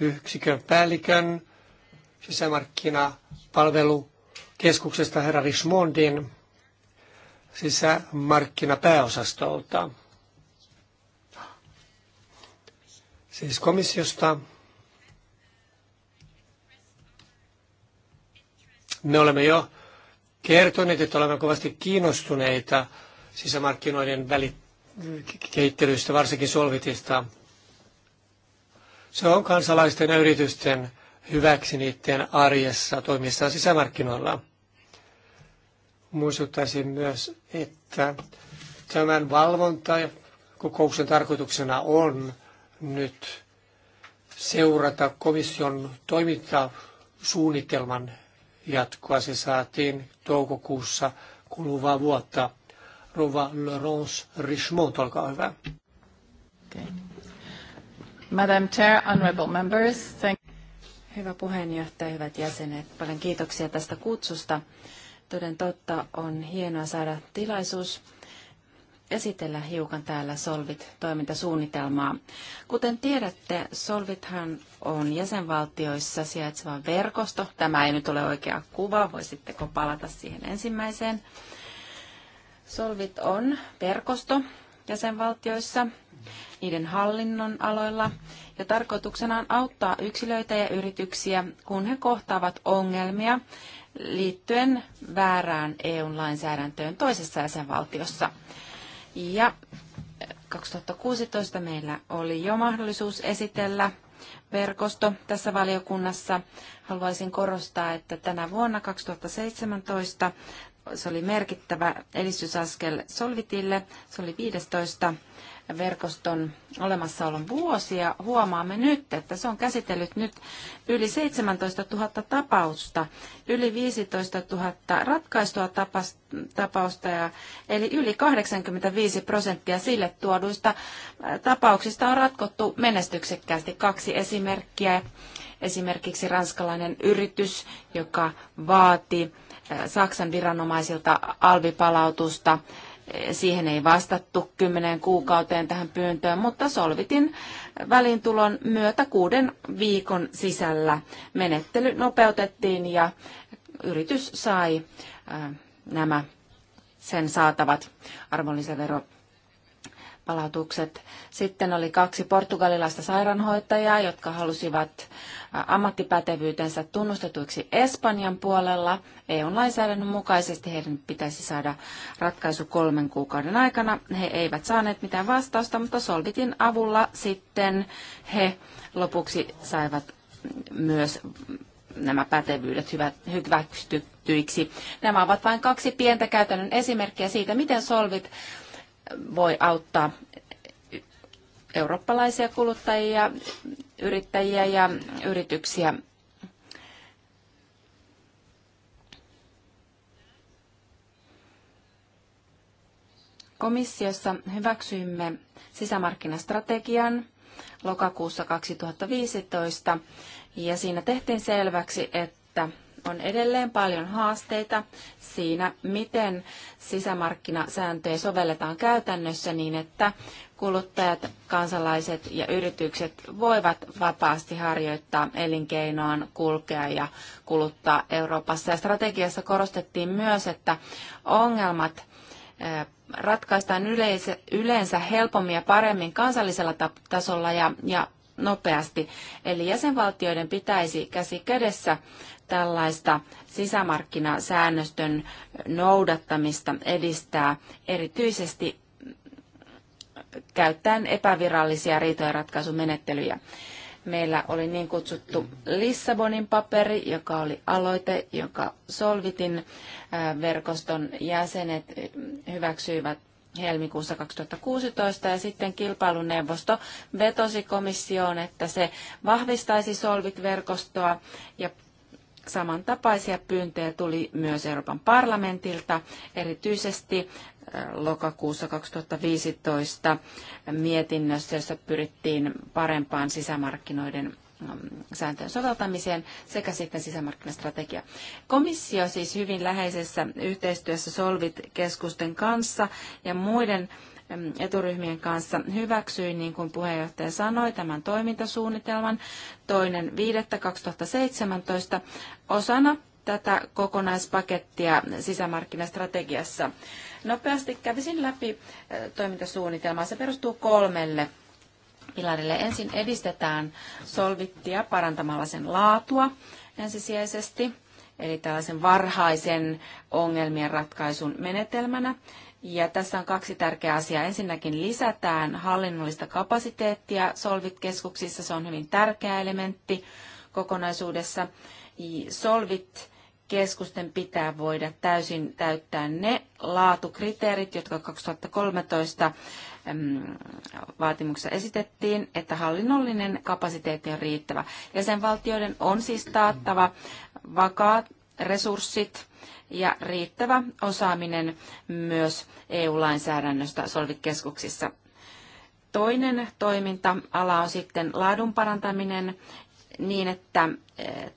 yksikön päällikön sisämarkkinapalvelukeskuksesta herra Richmondin sisämarkkinapääosastolta. Siis komissiosta Me olemme jo kertoneet, että olemme kovasti kiinnostuneita sisämarkkinoiden välikehittelyistä, varsinkin solvitista. Se on kansalaisten ja yritysten hyväksi niiden arjessa toimissaan sisämarkkinoilla. Muistuttaisin myös, että tämän valvonta kokouksen tarkoituksena on nyt seurata komission toimintasuunnitelman jatkoa. Se saatiin toukokuussa kuluvaa vuotta. Rova Laurence Richemont, olkaa hyvä. Okay. Madam Chair, honorable members, thank Hyvä puheenjohtaja, hyvät jäsenet, paljon kiitoksia tästä kutsusta. Toden totta on hienoa saada tilaisuus esitellä hiukan täällä Solvit-toimintasuunnitelmaa. Kuten tiedätte, Solvithan on jäsenvaltioissa sijaitseva verkosto. Tämä ei nyt ole oikea kuva, voisitteko palata siihen ensimmäiseen. Solvit on verkosto jäsenvaltioissa, niiden hallinnon aloilla, ja tarkoituksena on auttaa yksilöitä ja yrityksiä, kun he kohtaavat ongelmia liittyen väärään eu lainsäädäntöön toisessa jäsenvaltiossa. Ja 2016 meillä oli jo mahdollisuus esitellä verkosto tässä valiokunnassa. Haluaisin korostaa, että tänä vuonna 2017 se oli merkittävä edistysaskel Solvitille. Se oli 15 verkoston olemassaolon vuosia, huomaamme nyt, että se on käsitellyt nyt yli 17 000 tapausta, yli 15 000 ratkaistua tapausta, ja, eli yli 85 prosenttia sille tuoduista tapauksista on ratkottu menestyksekkäästi. Kaksi esimerkkiä, esimerkiksi ranskalainen yritys, joka vaati Saksan viranomaisilta alvipalautusta Siihen ei vastattu kymmeneen kuukauteen tähän pyyntöön, mutta Solvitin välintulon myötä kuuden viikon sisällä menettely nopeutettiin ja yritys sai äh, nämä sen saatavat arvonlisävero palautukset. Sitten oli kaksi portugalilaista sairaanhoitajaa, jotka halusivat ammattipätevyytensä tunnustetuiksi Espanjan puolella. EU-lainsäädännön mukaisesti heidän pitäisi saada ratkaisu kolmen kuukauden aikana. He eivät saaneet mitään vastausta, mutta Solvitin avulla sitten he lopuksi saivat myös nämä pätevyydet hyväksyttyiksi. Nämä ovat vain kaksi pientä käytännön esimerkkiä siitä, miten Solvit voi auttaa eurooppalaisia kuluttajia, yrittäjiä ja yrityksiä. Komissiossa hyväksyimme sisämarkkinastrategian lokakuussa 2015 ja siinä tehtiin selväksi, että on edelleen paljon haasteita siinä, miten sisämarkkinasääntöjä sovelletaan käytännössä niin, että kuluttajat, kansalaiset ja yritykset voivat vapaasti harjoittaa elinkeinoaan, kulkea ja kuluttaa Euroopassa. Ja strategiassa korostettiin myös, että ongelmat eh, ratkaistaan yleensä helpommin ja paremmin kansallisella tasolla ja, ja nopeasti. Eli jäsenvaltioiden pitäisi käsi kädessä tällaista sisämarkkinasäännöstön noudattamista edistää erityisesti käyttäen epävirallisia riitojenratkaisumenettelyjä. Meillä oli niin kutsuttu Lissabonin paperi, joka oli aloite, jonka Solvitin verkoston jäsenet hyväksyivät helmikuussa 2016 ja sitten kilpailuneuvosto vetosi komissioon, että se vahvistaisi Solvit-verkostoa ja Samantapaisia pyyntöjä tuli myös Euroopan parlamentilta, erityisesti äh, lokakuussa 2015 mietinnössä, jossa pyrittiin parempaan sisämarkkinoiden mm, sääntöjen soveltamiseen sekä sitten sisämarkkinastrategia. Komissio siis hyvin läheisessä yhteistyössä Solvit-keskusten kanssa ja muiden eturyhmien kanssa hyväksyi, niin kuin puheenjohtaja sanoi, tämän toimintasuunnitelman toinen 5.2017 osana tätä kokonaispakettia sisämarkkinastrategiassa. Nopeasti kävisin läpi eh, toimintasuunnitelmaa. Se perustuu kolmelle pilarille. Ensin edistetään solvittia parantamalla sen laatua ensisijaisesti, eli tällaisen varhaisen ongelmien ratkaisun menetelmänä. Ja tässä on kaksi tärkeää asiaa. Ensinnäkin lisätään hallinnollista kapasiteettia Solvit-keskuksissa. Se on hyvin tärkeä elementti kokonaisuudessa. Solvit keskusten pitää voida täysin täyttää ne laatukriteerit, jotka 2013 vaatimuksessa esitettiin, että hallinnollinen kapasiteetti on riittävä. Jäsenvaltioiden on siis taattava vakaat resurssit ja riittävä osaaminen myös EU-lainsäädännöstä solvitkeskuksissa. Toinen toiminta-ala on sitten laadun parantaminen niin, että eh,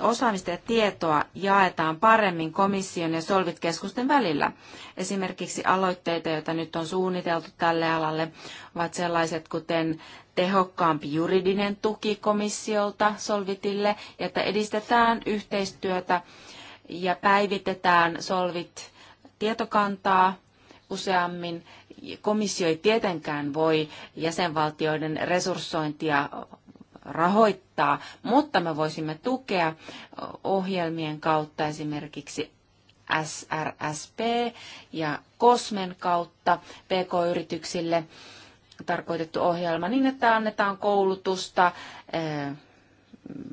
osaamista ja tietoa jaetaan paremmin komission ja solvitkeskusten välillä. Esimerkiksi aloitteita, joita nyt on suunniteltu tälle alalle, ovat sellaiset kuten tehokkaampi juridinen tuki komissiolta Solvitille, että edistetään yhteistyötä ja päivitetään solvit tietokantaa useammin. Komissio ei tietenkään voi jäsenvaltioiden resurssointia rahoittaa, mutta me voisimme tukea ohjelmien kautta esimerkiksi SRSP ja Kosmen kautta PK-yrityksille tarkoitettu ohjelma niin, että annetaan koulutusta, eh,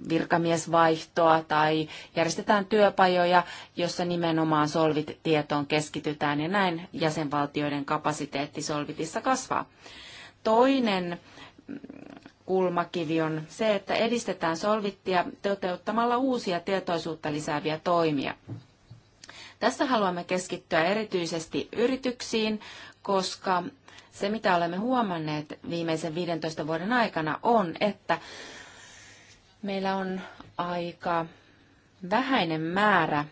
virkamiesvaihtoa tai järjestetään työpajoja, jossa nimenomaan solvit-tietoon keskitytään ja näin jäsenvaltioiden kapasiteetti solvitissa kasvaa. Toinen kulmakivi on se, että edistetään solvittia toteuttamalla uusia tietoisuutta lisääviä toimia. Tässä haluamme keskittyä erityisesti yrityksiin, koska se mitä olemme huomanneet viimeisen 15 vuoden aikana on, että Meillä on aika vähäinen määrä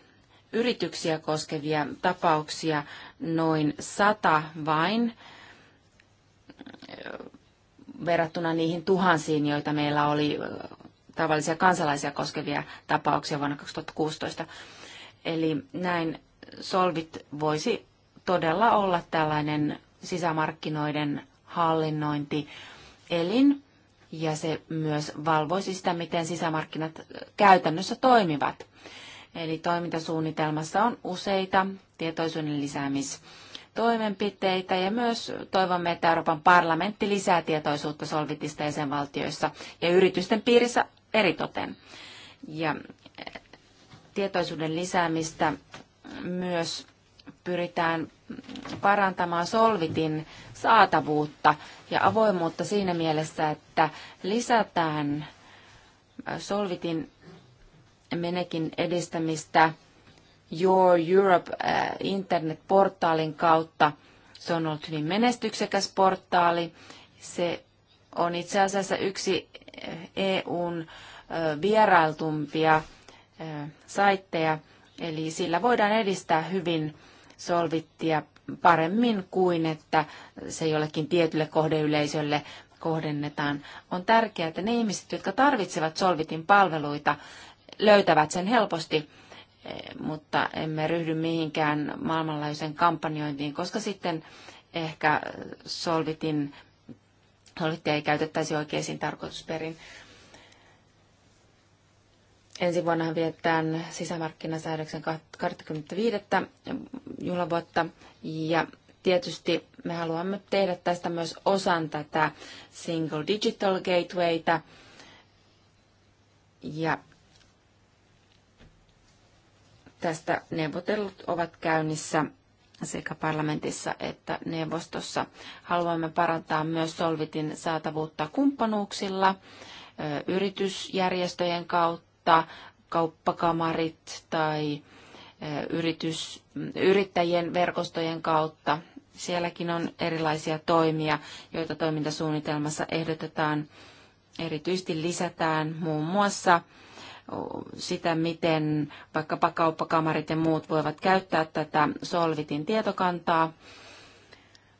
yrityksiä koskevia tapauksia, noin sata vain, verrattuna niihin tuhansiin, joita meillä oli tavallisia kansalaisia koskevia tapauksia vuonna 2016. Eli näin Solvit voisi todella olla tällainen sisämarkkinoiden hallinnointi elin, ja se myös valvoisi sitä, miten sisämarkkinat käytännössä toimivat. Eli toimintasuunnitelmassa on useita tietoisuuden lisäämistoimenpiteitä ja myös toivomme, että Euroopan parlamentti lisää tietoisuutta solvitista jäsenvaltioissa ja yritysten piirissä eritoten. Ja eh, tietoisuuden lisäämistä myös pyritään parantamaan solvitin saatavuutta ja avoimuutta siinä mielessä, että lisätään Solvitin menekin edistämistä Your Europe äh, internetportaalin kautta. Se on ollut hyvin menestyksekäs portaali. Se on itse asiassa yksi äh, EUn äh, vierailtumpia saitteja, eli sillä voidaan edistää hyvin solvittia paremmin kuin että se jollekin tietylle kohdeyleisölle kohdennetaan. On tärkeää, että ne ihmiset, jotka tarvitsevat Solvitin palveluita, löytävät sen helposti, eh, mutta emme ryhdy mihinkään maailmanlaajuiseen kampanjointiin, koska sitten ehkä Solvitin Solvittia ei käytettäisi oikeisiin tarkoitusperin. Ensi vuonna vietetään sisämarkkinasäädöksen 25. juhlavuotta ja tietysti me haluamme tehdä tästä myös osan tätä Single Digital Gatewayta ja tästä neuvotellut ovat käynnissä sekä parlamentissa että neuvostossa. Haluamme parantaa myös Solvitin saatavuutta kumppanuuksilla, yritysjärjestöjen kautta mutta kauppakamarit tai yritys, yrittäjien verkostojen kautta. Sielläkin on erilaisia toimia, joita toimintasuunnitelmassa ehdotetaan. Erityisesti lisätään muun muassa sitä, miten vaikkapa kauppakamarit ja muut voivat käyttää tätä Solvitin tietokantaa.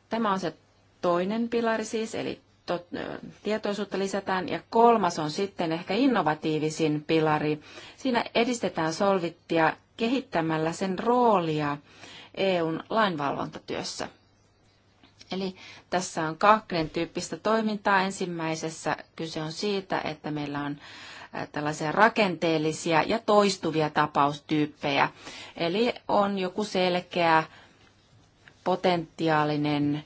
Tämä on se toinen pilari siis, eli tietoisuutta lisätään. Ja kolmas on sitten ehkä innovatiivisin pilari. Siinä edistetään solvittia kehittämällä sen roolia EUn lainvalvontatyössä. Eli tässä on kahden tyyppistä toimintaa. Ensimmäisessä kyse on siitä, että meillä on tällaisia rakenteellisia ja toistuvia tapaustyyppejä. Eli on joku selkeä potentiaalinen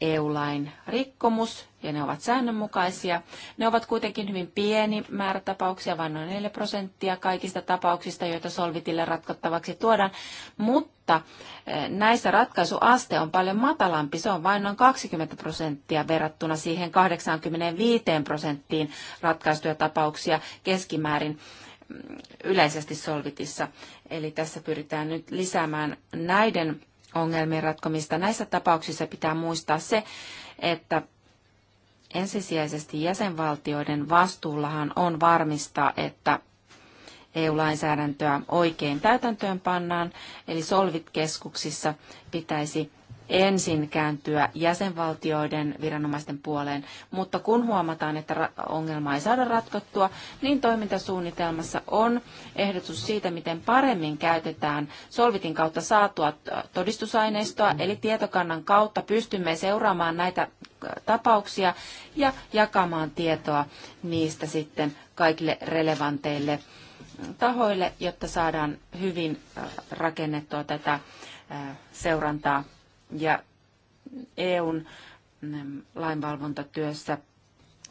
EU-lain rikkomus, ja ne ovat säännönmukaisia. Ne ovat kuitenkin hyvin pieni määrä tapauksia, vain noin 4 prosenttia kaikista tapauksista, joita solvitille ratkottavaksi tuodaan. Mutta eh, näissä ratkaisuaste on paljon matalampi, se on vain noin 20 prosenttia verrattuna siihen 85 prosenttiin ratkaistuja tapauksia keskimäärin mm, yleisesti solvitissa. Eli tässä pyritään nyt lisäämään näiden ongelmien ratkomista. Näissä tapauksissa pitää muistaa se, että ensisijaisesti jäsenvaltioiden vastuullahan on varmistaa, että EU-lainsäädäntöä oikein täytäntöön pannaan, eli solvitkeskuksissa pitäisi ensin kääntyä jäsenvaltioiden viranomaisten puoleen, mutta kun huomataan, että ongelmaa ei saada ratkottua, niin toimintasuunnitelmassa on ehdotus siitä, miten paremmin käytetään Solvitin kautta saatua todistusaineistoa, eli tietokannan kautta pystymme seuraamaan näitä äh, tapauksia ja jakamaan tietoa niistä sitten kaikille relevanteille mm, tahoille, jotta saadaan hyvin äh, rakennettua tätä äh, seurantaa ja EUn mm, lainvalvontatyössä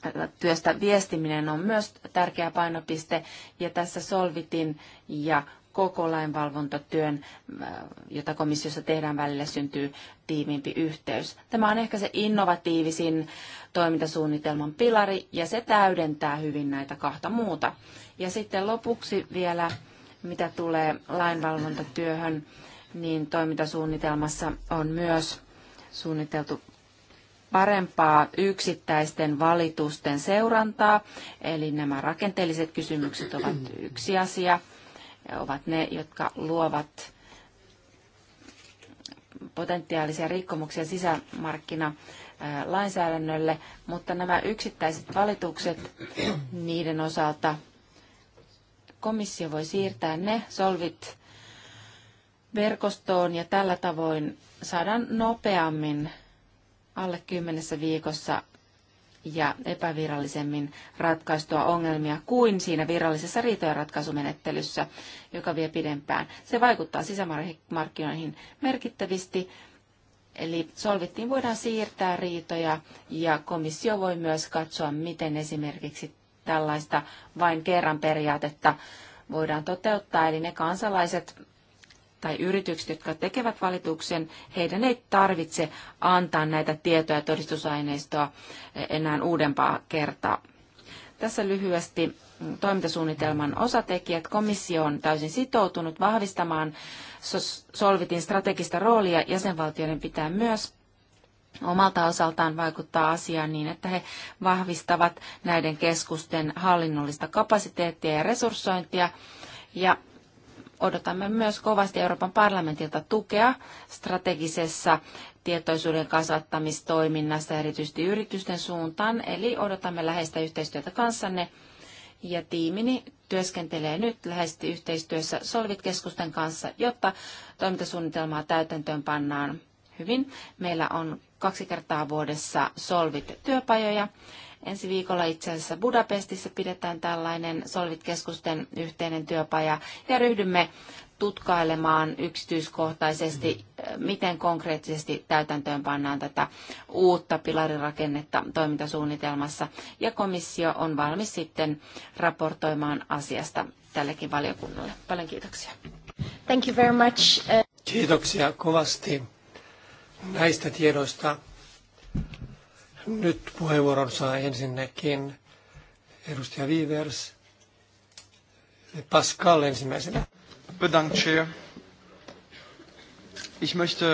äh, työstä viestiminen on myös tärkeä painopiste, ja tässä Solvitin ja koko lainvalvontatyön, äh, jota komissiossa tehdään välillä, syntyy tiiviimpi yhteys. Tämä on ehkä se innovatiivisin toimintasuunnitelman pilari, ja se täydentää hyvin näitä kahta muuta. Ja sitten lopuksi vielä, mitä tulee lainvalvontatyöhön, niin toimintasuunnitelmassa on myös suunniteltu parempaa yksittäisten valitusten seurantaa, eli nämä rakenteelliset kysymykset ovat yksi asia, ovat ne, jotka luovat potentiaalisia rikkomuksia sisämarkkina-lainsäädännölle, mutta nämä yksittäiset valitukset niiden osalta komissio voi siirtää ne solvit verkostoon ja tällä tavoin saadaan nopeammin alle kymmenessä viikossa ja epävirallisemmin ratkaistua ongelmia kuin siinä virallisessa riitojenratkaisumenettelyssä, joka vie pidempään. Se vaikuttaa sisämarkkinoihin merkittävästi, eli solvittiin voidaan siirtää riitoja ja komissio voi myös katsoa, miten esimerkiksi tällaista vain kerran periaatetta voidaan toteuttaa. Eli ne kansalaiset, tai yritykset, jotka tekevät valituksen, heidän ei tarvitse antaa näitä tietoja ja todistusaineistoa enää uudempaa kertaa. Tässä lyhyesti toimintasuunnitelman osatekijät. Komissio on täysin sitoutunut vahvistamaan Solvitin strategista roolia. Jäsenvaltioiden pitää myös omalta osaltaan vaikuttaa asiaan niin, että he vahvistavat näiden keskusten hallinnollista kapasiteettia ja resurssointia. Ja Odotamme myös kovasti Euroopan parlamentilta tukea strategisessa tietoisuuden kasvattamistoiminnassa erityisesti yritysten suuntaan, eli odotamme läheistä yhteistyötä kanssanne. Ja tiimini työskentelee nyt läheisesti yhteistyössä Solvit-keskusten kanssa, jotta toimintasuunnitelmaa täytäntöön pannaan hyvin. Meillä on kaksi kertaa vuodessa Solvit-työpajoja Ensi viikolla itse asiassa Budapestissa pidetään tällainen Solvit-keskusten yhteinen työpaja ja ryhdymme tutkailemaan yksityiskohtaisesti, äh, miten konkreettisesti täytäntöön pannaan tätä uutta pilarirakennetta toimintasuunnitelmassa. Ja komissio on valmis sitten raportoimaan asiasta tällekin valiokunnalle. Paljon kiitoksia. Thank you very much. Kiitoksia kovasti näistä tiedoista. Nyt puheenvuoron saa ensinnäkin edustaja Vivers, Pascal ensimmäisenä. Bedankt, Chair. Ich möchte...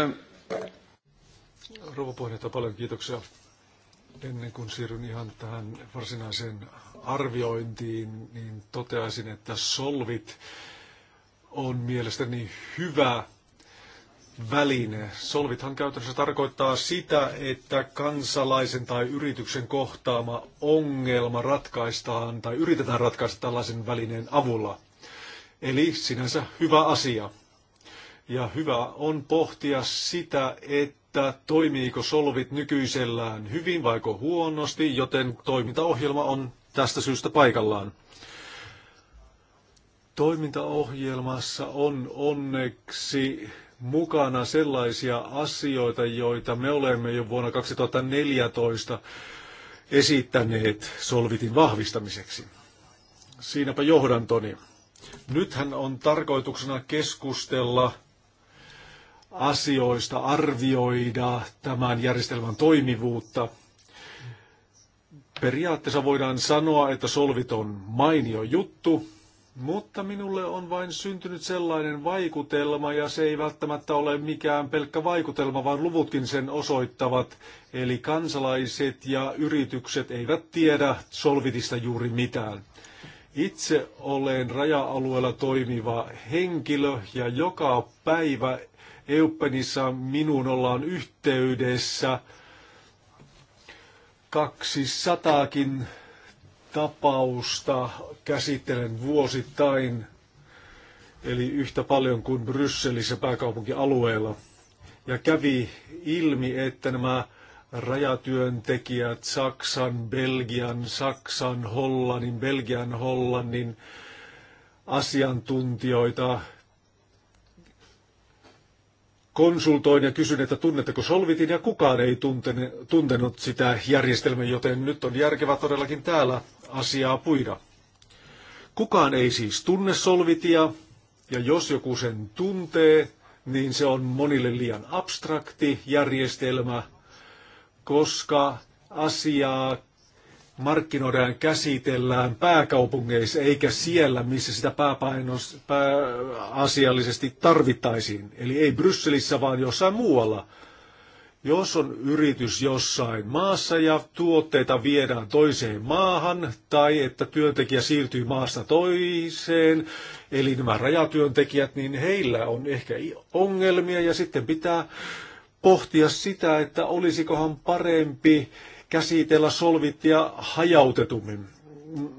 Rouva puheenjohtaja, paljon kiitoksia. Ennen kuin siirryn ihan tähän varsinaiseen arviointiin, niin toteaisin, että Solvit on mielestäni hyvä väline. Solvithan käytännössä tarkoittaa sitä, että kansalaisen tai yrityksen kohtaama ongelma ratkaistaan tai yritetään ratkaista tällaisen välineen avulla. Eli sinänsä hyvä asia. Ja hyvä on pohtia sitä, että toimiiko solvit nykyisellään hyvin vaiko huonosti, joten toimintaohjelma on tästä syystä paikallaan. Toimintaohjelmassa on onneksi mukana sellaisia asioita, joita me olemme jo vuonna 2014 esittäneet solvitin vahvistamiseksi. Siinäpä johdantoni. Nythän on tarkoituksena keskustella asioista, arvioida tämän järjestelmän toimivuutta. Periaatteessa voidaan sanoa, että solvit on mainio juttu, mutta minulle on vain syntynyt sellainen vaikutelma, ja se ei välttämättä ole mikään pelkkä vaikutelma, vaan luvutkin sen osoittavat. Eli kansalaiset ja yritykset eivät tiedä solvitista juuri mitään. Itse olen raja-alueella toimiva henkilö, ja joka päivä Eupenissa minuun ollaan yhteydessä 200kin tapausta käsittelen vuosittain, eli yhtä paljon kuin Brysselissä pääkaupunkialueella. Ja kävi ilmi, että nämä rajatyöntekijät Saksan, Belgian, Saksan, Hollannin, Belgian, Hollannin asiantuntijoita konsultoin ja kysyin, että tunnetteko solvitin ja kukaan ei tuntenut sitä järjestelmää, joten nyt on järkevä todellakin täällä asiaa puida. Kukaan ei siis tunne solvitia, ja jos joku sen tuntee, niin se on monille liian abstrakti järjestelmä, koska asiaa markkinoidaan käsitellään pääkaupungeissa eikä siellä, missä sitä pääasiallisesti tarvittaisiin. Eli ei Brysselissä, vaan jossain muualla. Jos on yritys jossain maassa ja tuotteita viedään toiseen maahan tai että työntekijä siirtyy maasta toiseen, eli nämä rajatyöntekijät, niin heillä on ehkä ongelmia ja sitten pitää pohtia sitä, että olisikohan parempi käsitellä solvittia hajautetummin.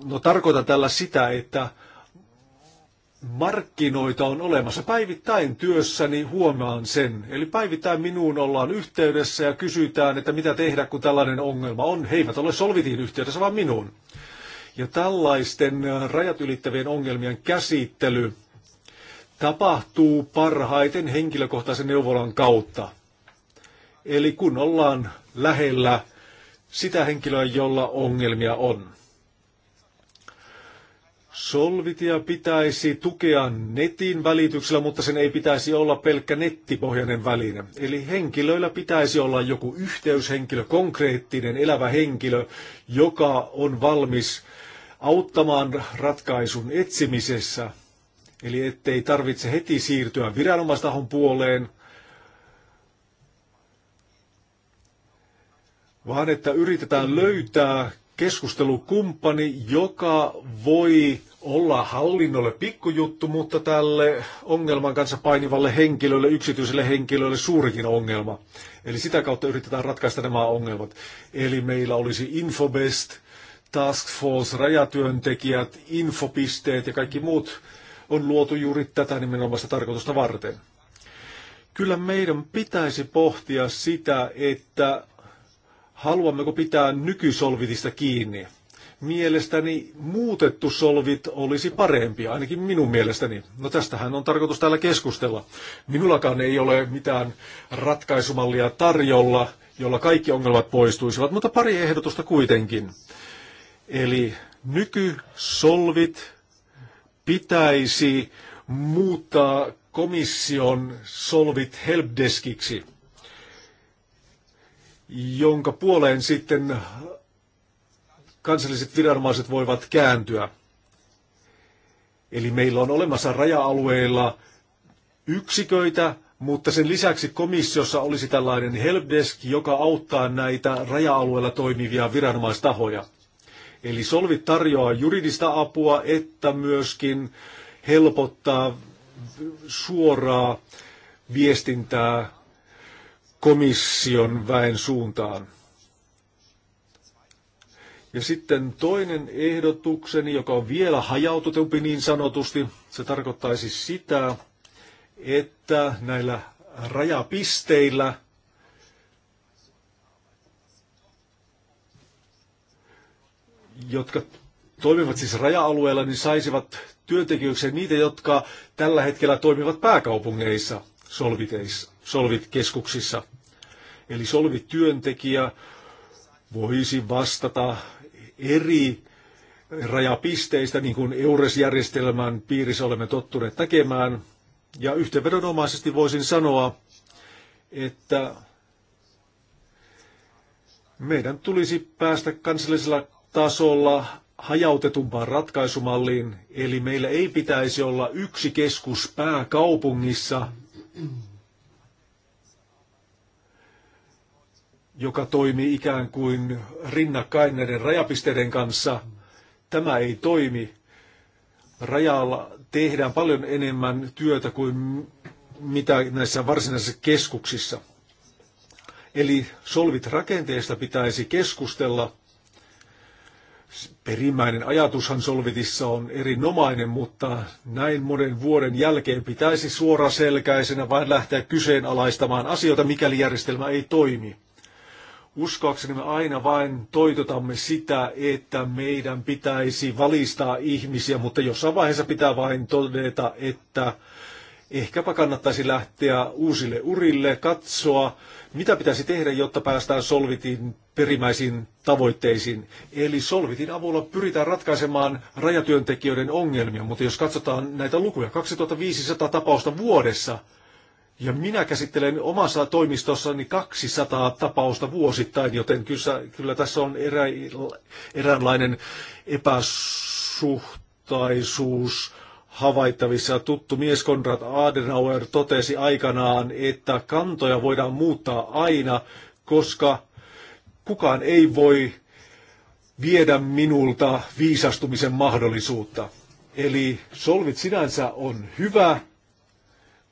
No tarkoitan tällä sitä, että markkinoita on olemassa. Päivittäin työssäni huomaan sen. Eli päivittäin minuun ollaan yhteydessä ja kysytään, että mitä tehdä, kun tällainen ongelma on. He eivät ole solvitiin yhteydessä, vaan minuun. Ja tällaisten äh, rajat ylittävien ongelmien käsittely tapahtuu parhaiten henkilökohtaisen neuvolan kautta. Eli kun ollaan lähellä sitä henkilöä, jolla ongelmia on. Solvitia pitäisi tukea netin välityksellä, mutta sen ei pitäisi olla pelkkä nettipohjainen väline. Eli henkilöillä pitäisi olla joku yhteyshenkilö, konkreettinen elävä henkilö, joka on valmis auttamaan ratkaisun etsimisessä. Eli ettei tarvitse heti siirtyä viranomaistahon puoleen, vaan että yritetään löytää keskustelukumppani, joka voi olla hallinnolle pikkujuttu, mutta tälle ongelman kanssa painivalle henkilölle, yksityiselle henkilölle suurikin ongelma. Eli sitä kautta yritetään ratkaista nämä ongelmat. Eli meillä olisi Infobest, Task Force, rajatyöntekijät, infopisteet ja kaikki muut on luotu juuri tätä nimenomaista tarkoitusta varten. Kyllä meidän pitäisi pohtia sitä, että Haluammeko pitää nykysolvitista kiinni? Mielestäni muutettu solvit olisi parempi, ainakin minun mielestäni. No tästähän on tarkoitus täällä keskustella. Minullakaan ei ole mitään ratkaisumallia tarjolla, jolla kaikki ongelmat poistuisivat, mutta pari ehdotusta kuitenkin. Eli nykysolvit pitäisi muuttaa komission solvit helpdeskiksi jonka puoleen sitten kansalliset viranomaiset voivat kääntyä. Eli meillä on olemassa raja-alueilla yksiköitä, mutta sen lisäksi komissiossa olisi tällainen helpdesk, joka auttaa näitä raja alueilla toimivia viranomaistahoja. Eli Solvit tarjoaa juridista apua, että myöskin helpottaa suoraa viestintää komission väen suuntaan. Ja sitten toinen ehdotukseni, joka on vielä hajautetumpi niin sanotusti, se tarkoittaisi sitä, että näillä rajapisteillä jotka toimivat siis raja-alueella, niin saisivat työntekijöikseen niitä, jotka tällä hetkellä toimivat pääkaupungeissa, solviteissa, solvitkeskuksissa. Eli työntekijä voisi vastata eri rajapisteistä, niin kuin EURES-järjestelmän piirissä olemme tottuneet tekemään. Ja yhteenvedonomaisesti voisin sanoa, että meidän tulisi päästä kansallisella tasolla hajautetumpaan ratkaisumalliin, eli meillä ei pitäisi olla yksi keskus pääkaupungissa, joka toimii ikään kuin rinnakkain näiden rajapisteiden kanssa. Tämä ei toimi. Rajalla tehdään paljon enemmän työtä kuin mitä näissä varsinaisissa keskuksissa. Eli solvit rakenteesta pitäisi keskustella. Perimmäinen ajatushan solvitissa on erinomainen, mutta näin monen vuoden jälkeen pitäisi suoraselkäisenä vain lähteä kyseenalaistamaan asioita, mikäli järjestelmä ei toimi uskoakseni me aina vain toitotamme sitä, että meidän pitäisi valistaa ihmisiä, mutta jossain vaiheessa pitää vain todeta, että ehkäpä kannattaisi lähteä uusille urille, katsoa, mitä pitäisi tehdä, jotta päästään solvitin perimmäisiin tavoitteisiin. Eli solvitin avulla pyritään ratkaisemaan rajatyöntekijöiden ongelmia, mutta jos katsotaan näitä lukuja, 2500 tapausta vuodessa – ja minä käsittelen omassa toimistossani 200 tapausta vuosittain, joten kyllä, kyllä tässä on erä, eräänlainen epäsuhtaisuus havaittavissa. Tuttu mies Konrad Adenauer totesi aikanaan, että kantoja voidaan muuttaa aina, koska kukaan ei voi viedä minulta viisastumisen mahdollisuutta. Eli solvit sinänsä on hyvä,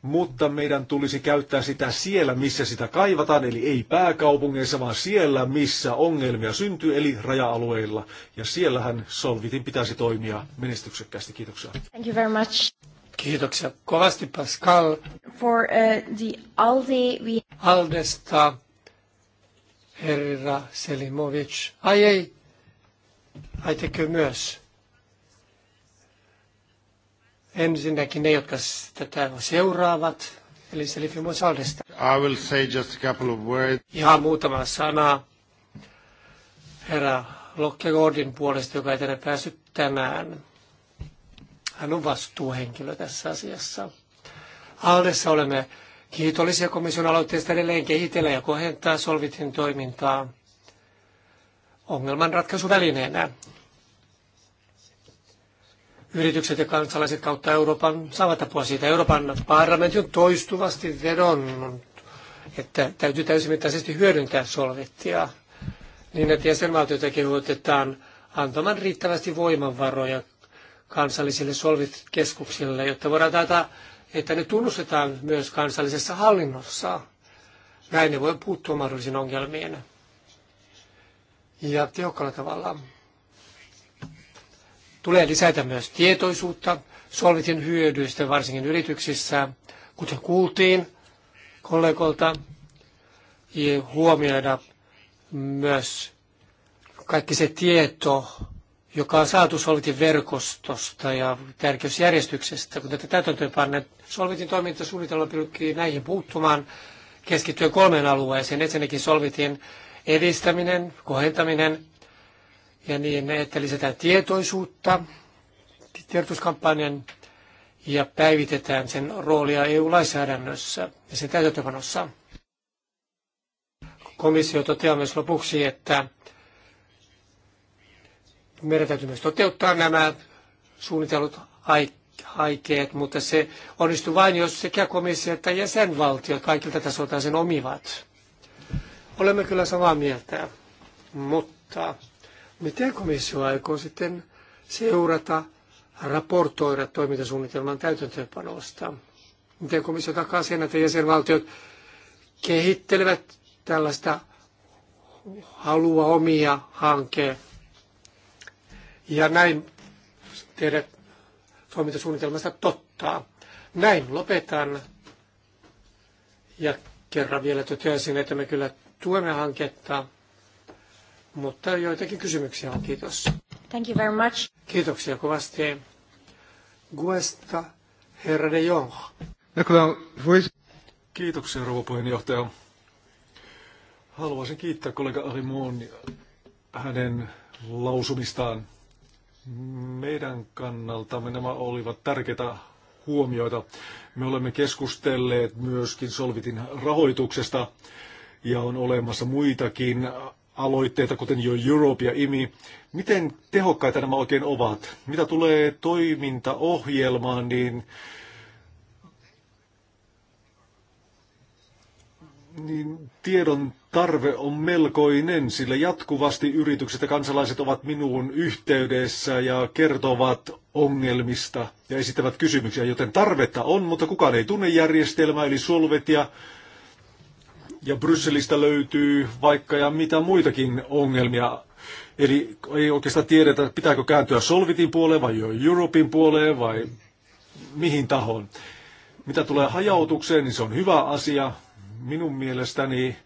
mutta meidän tulisi käyttää sitä siellä, missä sitä kaivataan, eli ei pääkaupungeissa, vaan siellä, missä ongelmia syntyy, eli raja-alueilla. Ja siellähän Solvitin pitäisi toimia menestyksekkäästi. Kiitoksia. Thank you very much. Kiitoksia kovasti Pascal. For uh, the Aldi, we... Aldesta herra Selimovic. Ai ei, ai tekö myös. Ensinnäkin ne, jotka tätä seuraavat, eli Selifimo aldesta. I will say just a couple of words. Ihan muutama sana herra Lokkegordin puolesta, joka ei tänne päässyt tänään. Hän on vastuuhenkilö tässä asiassa. Aldessa olemme kiitollisia komission aloitteesta edelleen kehitellä ja kohentaa Solvitin toimintaa ongelmanratkaisuvälineenä yritykset ja kansalaiset kautta Euroopan saavat apua siitä. Euroopan parlamentti on toistuvasti vedonnut, että täytyy täysimittaisesti hyödyntää solvettia, niin, että jäsenvaltioita kehotetaan antamaan riittävästi voimavaroja kansallisille solvitkeskuksille, jotta voidaan taata, että ne tunnustetaan myös kansallisessa hallinnossa. Näin ne voi puuttua mahdollisiin ongelmiin. Ja tehokkaalla tavalla Tulee lisätä myös tietoisuutta solvitin hyödyistä, varsinkin yrityksissä, kuten kuultiin kollegolta, ja huomioida myös kaikki se tieto, joka on saatu Solvitin verkostosta ja tärkeysjärjestyksestä. Kun tätä täytäntöönpanne, Solvitin toimintasuunnitelma pyrkii näihin puuttumaan keskittyen kolmeen alueeseen. Ensinnäkin Solvitin edistäminen, kohentaminen, ja niin, että lisätään tietoisuutta tiedotuskampanjan ja päivitetään sen roolia EU-lainsäädännössä ja sen täytäntöpanossa. Komissio toteaa myös lopuksi, että meidän täytyy myös toteuttaa nämä suunnitellut haikeet, mutta se onnistuu vain, jos sekä komissio että jäsenvaltiot kaikilta tasolta sen omivat. Olemme kyllä samaa mieltä, mutta Miten komissio aikoo sitten seurata, raportoida toimintasuunnitelman täytäntöönpanosta? Miten komissio takaa sen, että jäsenvaltiot kehittelevät tällaista halua omia hankkeen ja näin tehdä toimintasuunnitelmasta totta. Näin lopetan ja kerran vielä toteaisin, että me kyllä tuemme hanketta mutta joitakin kysymyksiä on. Kiitos. Thank you very much. Kiitoksia kovasti. Guesta, herra de Jong. Kiitoksia, rouva puheenjohtaja. Haluaisin kiittää kollega Arimon hänen lausumistaan. Meidän kannaltamme nämä olivat tärkeitä huomioita. Me olemme keskustelleet myöskin Solvitin rahoituksesta ja on olemassa muitakin aloitteita, kuten jo Europe ja IMI. Miten tehokkaita nämä oikein ovat? Mitä tulee toimintaohjelmaan, niin, niin tiedon tarve on melkoinen, sillä jatkuvasti yritykset ja kansalaiset ovat minuun yhteydessä ja kertovat ongelmista ja esittävät kysymyksiä, joten tarvetta on, mutta kukaan ei tunne järjestelmää, eli solvet ja ja Brysselistä löytyy vaikka ja mitä muitakin ongelmia. Eli ei oikeastaan tiedetä, pitääkö kääntyä Solvitin puoleen vai Europin puoleen vai mihin tahoon. Mitä tulee hajautukseen, niin se on hyvä asia. Minun mielestäni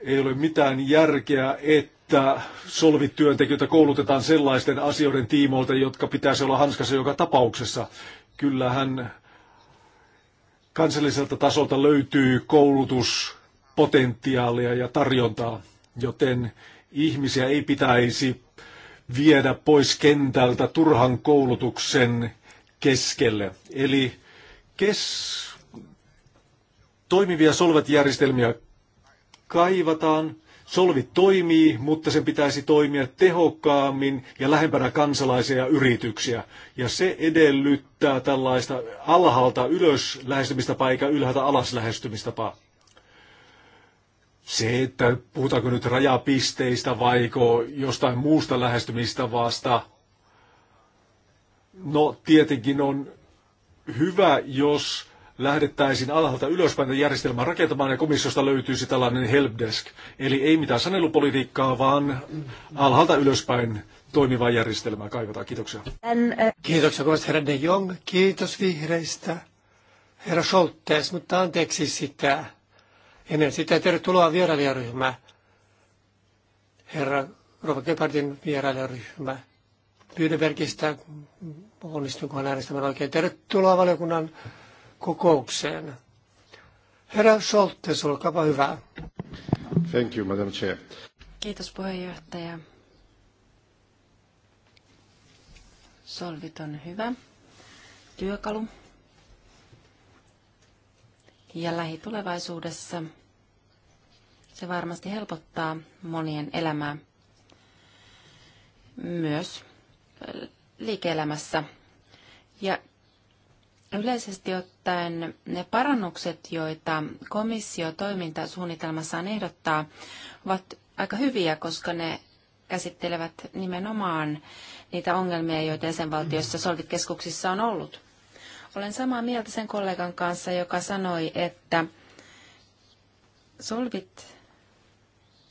ei ole mitään järkeä, että solvityöntekijöitä koulutetaan sellaisten asioiden tiimoilta, jotka pitäisi olla hanskassa joka tapauksessa. Kyllähän kansalliselta tasolta löytyy koulutuspotentiaalia ja tarjontaa, joten ihmisiä ei pitäisi viedä pois kentältä turhan koulutuksen keskelle. Eli kes... toimivia solvet-järjestelmiä kaivataan, Solvi toimii, mutta sen pitäisi toimia tehokkaammin ja lähempänä kansalaisia ja yrityksiä. Ja se edellyttää tällaista alhaalta ylös lähestymistapaa eikä ylhäältä alas lähestymistapaa. Se, että puhutaanko nyt rajapisteistä vaiko jostain muusta lähestymistavasta, no tietenkin on hyvä, jos lähdettäisiin alhaalta ylöspäin järjestelmää rakentamaan ja komissiosta löytyisi tällainen helpdesk. Eli ei mitään sanelupolitiikkaa, vaan alhaalta ylöspäin toimivaa järjestelmää kaivataan. Kiitoksia. Eh, Kiitoksia kovasti herra De Jong. Kiitos vihreistä. Herra Scholtes, mutta anteeksi sitä. Ennen sitä tervetuloa vierailijaryhmä. Herra Rova Gebhardin vierailijaryhmä. Pyydebergistä onnistunkohan äänestämään oikein. Tervetuloa valiokunnan kokoukseen. Herra Scholtes, olkaapa hyvä. Thank you, Madam Chair. Kiitos puheenjohtaja. Solvit on hyvä työkalu. Ja lähitulevaisuudessa se varmasti helpottaa monien elämää myös liike-elämässä. Ja Yleisesti ottaen ne parannukset, joita komissio toimintasuunnitelmassaan ehdottaa, ovat aika hyviä, koska ne käsittelevät nimenomaan niitä ongelmia, joita jäsenvaltioissa solvitkeskuksissa on ollut. Olen samaa mieltä sen kollegan kanssa, joka sanoi, että solvit,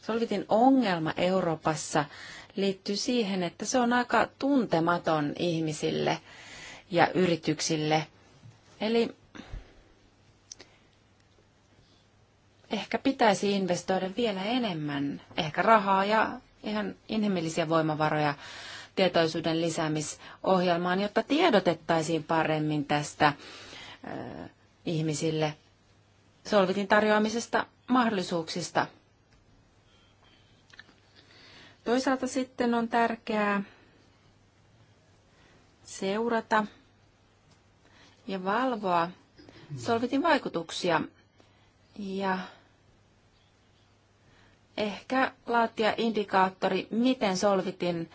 solvitin ongelma Euroopassa liittyy siihen, että se on aika tuntematon ihmisille ja yrityksille – Eli ehkä pitäisi investoida vielä enemmän, ehkä rahaa ja ihan inhimillisiä voimavaroja tietoisuuden lisäämisohjelmaan, jotta tiedotettaisiin paremmin tästä ö, ihmisille solvitin tarjoamisesta mahdollisuuksista. Toisaalta sitten on tärkeää seurata ja valvoa solvitin vaikutuksia ja ehkä laatia indikaattori, miten solvitin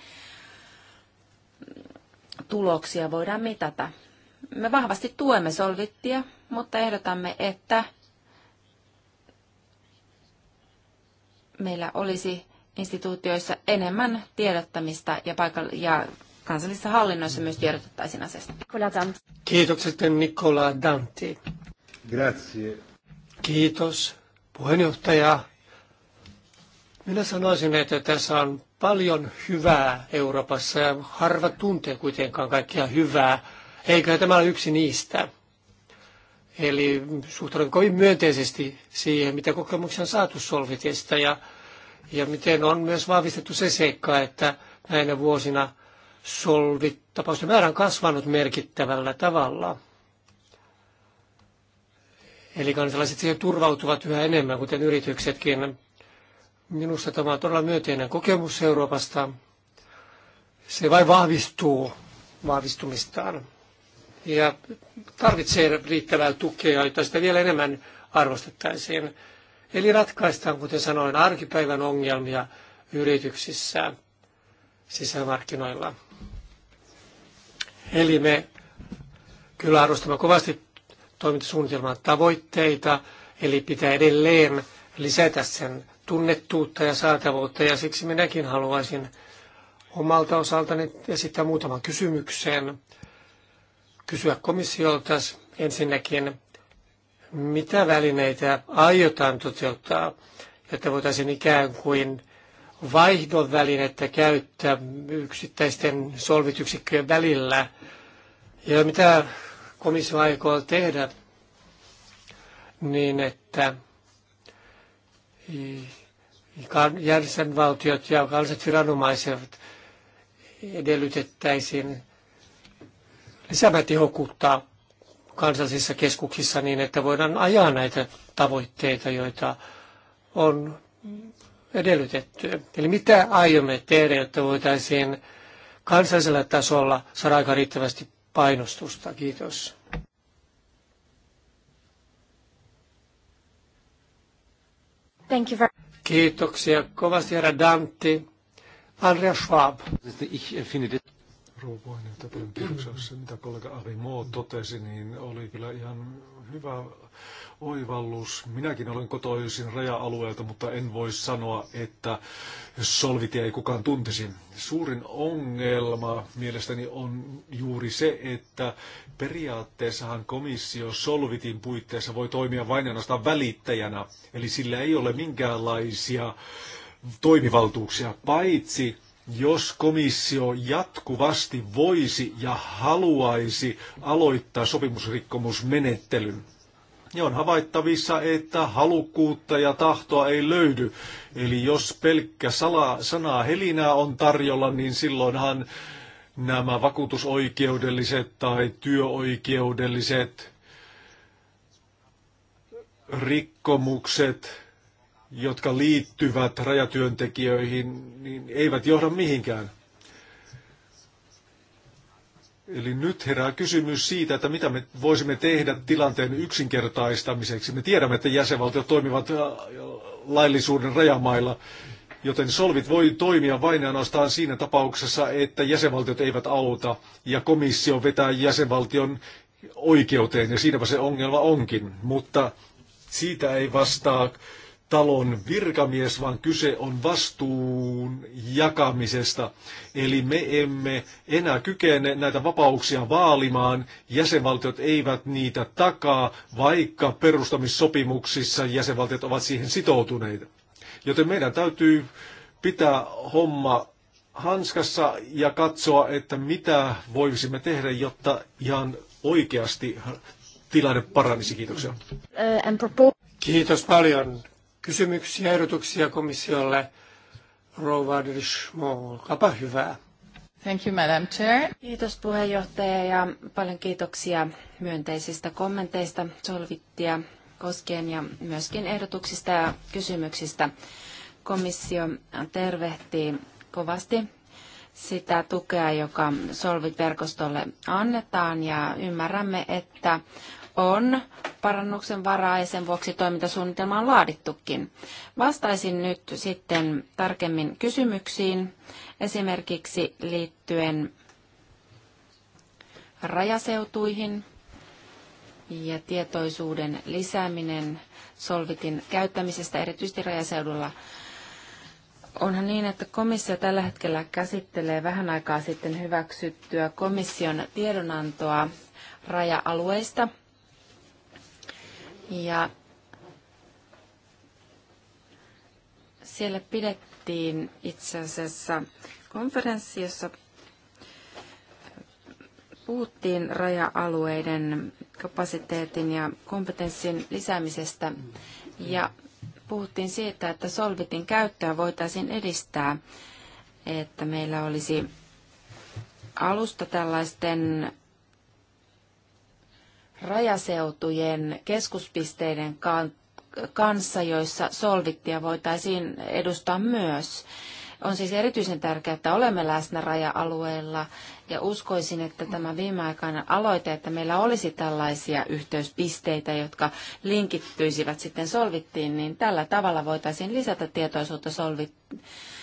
tuloksia voidaan mitata. Me vahvasti tuemme solvittia, mutta ehdotamme, että meillä olisi instituutioissa enemmän tiedottamista ja, paikall- ja kansallisessa hallinnoissa myös tiedotettaisiin asiasta. Kiitokset Nicola Danti. Grazie. Kiitos puheenjohtaja. Minä sanoisin, että tässä on paljon hyvää Euroopassa ja harva tuntee kuitenkaan kaikkia hyvää, eikä tämä ole yksi niistä. Eli suhtaudun kovin myönteisesti siihen, mitä kokemuksia on saatu Solvitista ja, ja miten on myös vahvistettu se seikka, että näinä vuosina solvitapausten määrä on kasvanut merkittävällä tavalla. Eli kansalaiset siihen turvautuvat yhä enemmän, kuten yrityksetkin. Minusta tämä on todella myönteinen kokemus Euroopasta. Se vain vahvistuu vahvistumistaan ja tarvitsee riittävää tukea, jotta sitä vielä enemmän arvostettaisiin. Eli ratkaistaan, kuten sanoin, arkipäivän ongelmia yrityksissä sisämarkkinoilla. Eli me kyllä arvostamme kovasti toimintasuunnitelman tavoitteita, eli pitää edelleen lisätä sen tunnettuutta ja saatavuutta, ja siksi minäkin haluaisin omalta osaltani esittää muutaman kysymyksen, kysyä komissiolta ensinnäkin, mitä välineitä aiotaan toteuttaa, että voitaisiin ikään kuin vaihdon välinettä käyttää yksittäisten solvityksikköjen välillä. Ja mitä komissio aikoo tehdä, niin että jäsenvaltiot ja kansalliset viranomaiset edellytettäisiin lisäämään tehokkuutta kansallisissa keskuksissa niin, että voidaan ajaa näitä tavoitteita, joita on edellytetty. Eli mitä aiomme tehdä, jotta voitaisiin kansallisella tasolla saada aika riittävästi painostusta? Kiitos. Thank you very Kiitoksia kovasti, herra Dantti. Andrea Schwab rouva puheenjohtaja, paljon kiitoksia. mitä kollega Ari Moo totesi, niin oli kyllä ihan hyvä oivallus. Minäkin olen kotoisin raja-alueelta, mutta en voi sanoa, että solvitia ei kukaan tuntisi. Suurin ongelma mielestäni on juuri se, että periaatteessahan komissio solvitin puitteissa voi toimia vain ainoastaan välittäjänä. Eli sillä ei ole minkäänlaisia toimivaltuuksia, paitsi jos komissio jatkuvasti voisi ja haluaisi aloittaa sopimusrikkomusmenettelyn, Ja niin on havaittavissa, että halukkuutta ja tahtoa ei löydy. Eli jos pelkkä sala, sanaa helinää on tarjolla, niin silloinhan nämä vakuutusoikeudelliset tai työoikeudelliset rikkomukset jotka liittyvät rajatyöntekijöihin, niin eivät johda mihinkään. Eli nyt herää kysymys siitä, että mitä me voisimme tehdä tilanteen yksinkertaistamiseksi. Me tiedämme, että jäsenvaltiot toimivat äh, laillisuuden rajamailla, joten solvit voi toimia vain ainoastaan siinä tapauksessa, että jäsenvaltiot eivät auta ja komissio vetää jäsenvaltion oikeuteen ja siinäpä se ongelma onkin. Mutta siitä ei vastaa talon virkamies, vaan kyse on vastuun jakamisesta. Eli me emme enää kykene näitä vapauksia vaalimaan, jäsenvaltiot eivät niitä takaa, vaikka perustamissopimuksissa jäsenvaltiot ovat siihen sitoutuneita. Joten meidän täytyy pitää homma hanskassa ja katsoa, että mitä voisimme tehdä, jotta ihan oikeasti tilanne paranisi. Kiitoksia. Uh, Kiitos paljon kysymyksiä ja ehdotuksia komissiolle. Rouva olkaapa hyvää. Thank you, Madam Chair. Kiitos puheenjohtaja ja paljon kiitoksia myönteisistä kommenteista Solvittia koskien ja myöskin ehdotuksista ja kysymyksistä. Komissio tervehtii kovasti sitä tukea, joka Solvit-verkostolle annetaan ja ymmärrämme, että on parannuksen varaa ja sen vuoksi toimintasuunnitelma on laadittukin. Vastaisin nyt sitten tarkemmin kysymyksiin, esimerkiksi liittyen rajaseutuihin ja tietoisuuden lisääminen solvitin käyttämisestä erityisesti rajaseudulla. Onhan niin, että komissio tällä hetkellä käsittelee vähän aikaa sitten hyväksyttyä komission tiedonantoa raja-alueista – ja siellä pidettiin itse asiassa konferenssi, jossa puhuttiin raja-alueiden kapasiteetin ja kompetenssin lisäämisestä ja puhuttiin siitä, että solvitin käyttöä voitaisiin edistää, että meillä olisi alusta tällaisten rajaseutujen keskuspisteiden kanssa, joissa solvittia voitaisiin edustaa myös. On siis erityisen tärkeää, että olemme läsnä raja-alueella ja uskoisin, että tämä viimeaikainen aloite, että meillä olisi tällaisia yhteyspisteitä, jotka linkittyisivät sitten solvittiin, niin tällä tavalla voitaisiin lisätä tietoisuutta solvit,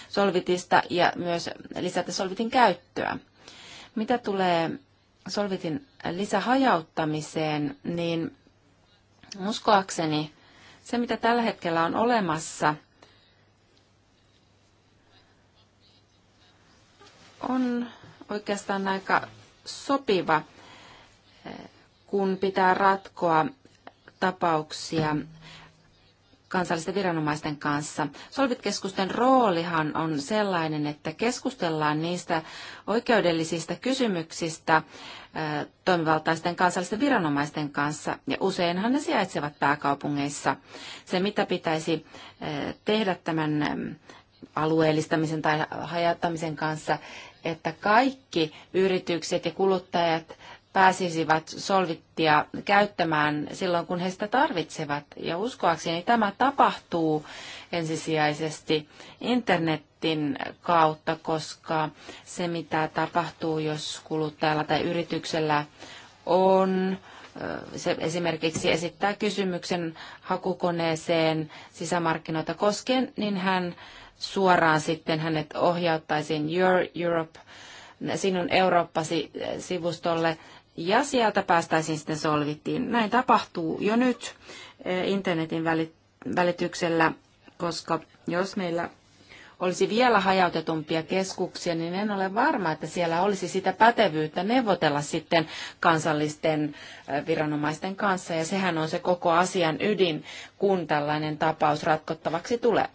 solvitista ja myös lisätä solvitin käyttöä. Mitä tulee solvitin lisähajauttamiseen, niin uskoakseni se, mitä tällä hetkellä on olemassa, on oikeastaan aika sopiva, eh, kun pitää ratkoa tapauksia kansallisten viranomaisten kanssa. Solvit-keskusten roolihan on sellainen, että keskustellaan niistä oikeudellisista kysymyksistä toimivaltaisten kansallisten viranomaisten kanssa, ja useinhan ne sijaitsevat pääkaupungeissa. Se, mitä pitäisi tehdä tämän alueellistamisen tai hajattamisen kanssa, että kaikki yritykset ja kuluttajat pääsisivät solvittia käyttämään silloin, kun he sitä tarvitsevat. Ja uskoakseni tämä tapahtuu ensisijaisesti internetin kautta, koska se mitä tapahtuu, jos kuluttajalla tai yrityksellä on, se esimerkiksi esittää kysymyksen hakukoneeseen sisämarkkinoita koskien, niin hän suoraan sitten hänet ohjauttaisiin Your Europe, sinun Eurooppasi sivustolle, ja sieltä päästäisiin sitten solvittiin. Näin tapahtuu jo nyt eh, internetin välityksellä, koska jos meillä olisi vielä hajautetumpia keskuksia, niin en ole varma, että siellä olisi sitä pätevyyttä neuvotella sitten kansallisten eh, viranomaisten kanssa. Ja sehän on se koko asian ydin, kun tällainen tapaus ratkottavaksi tulee.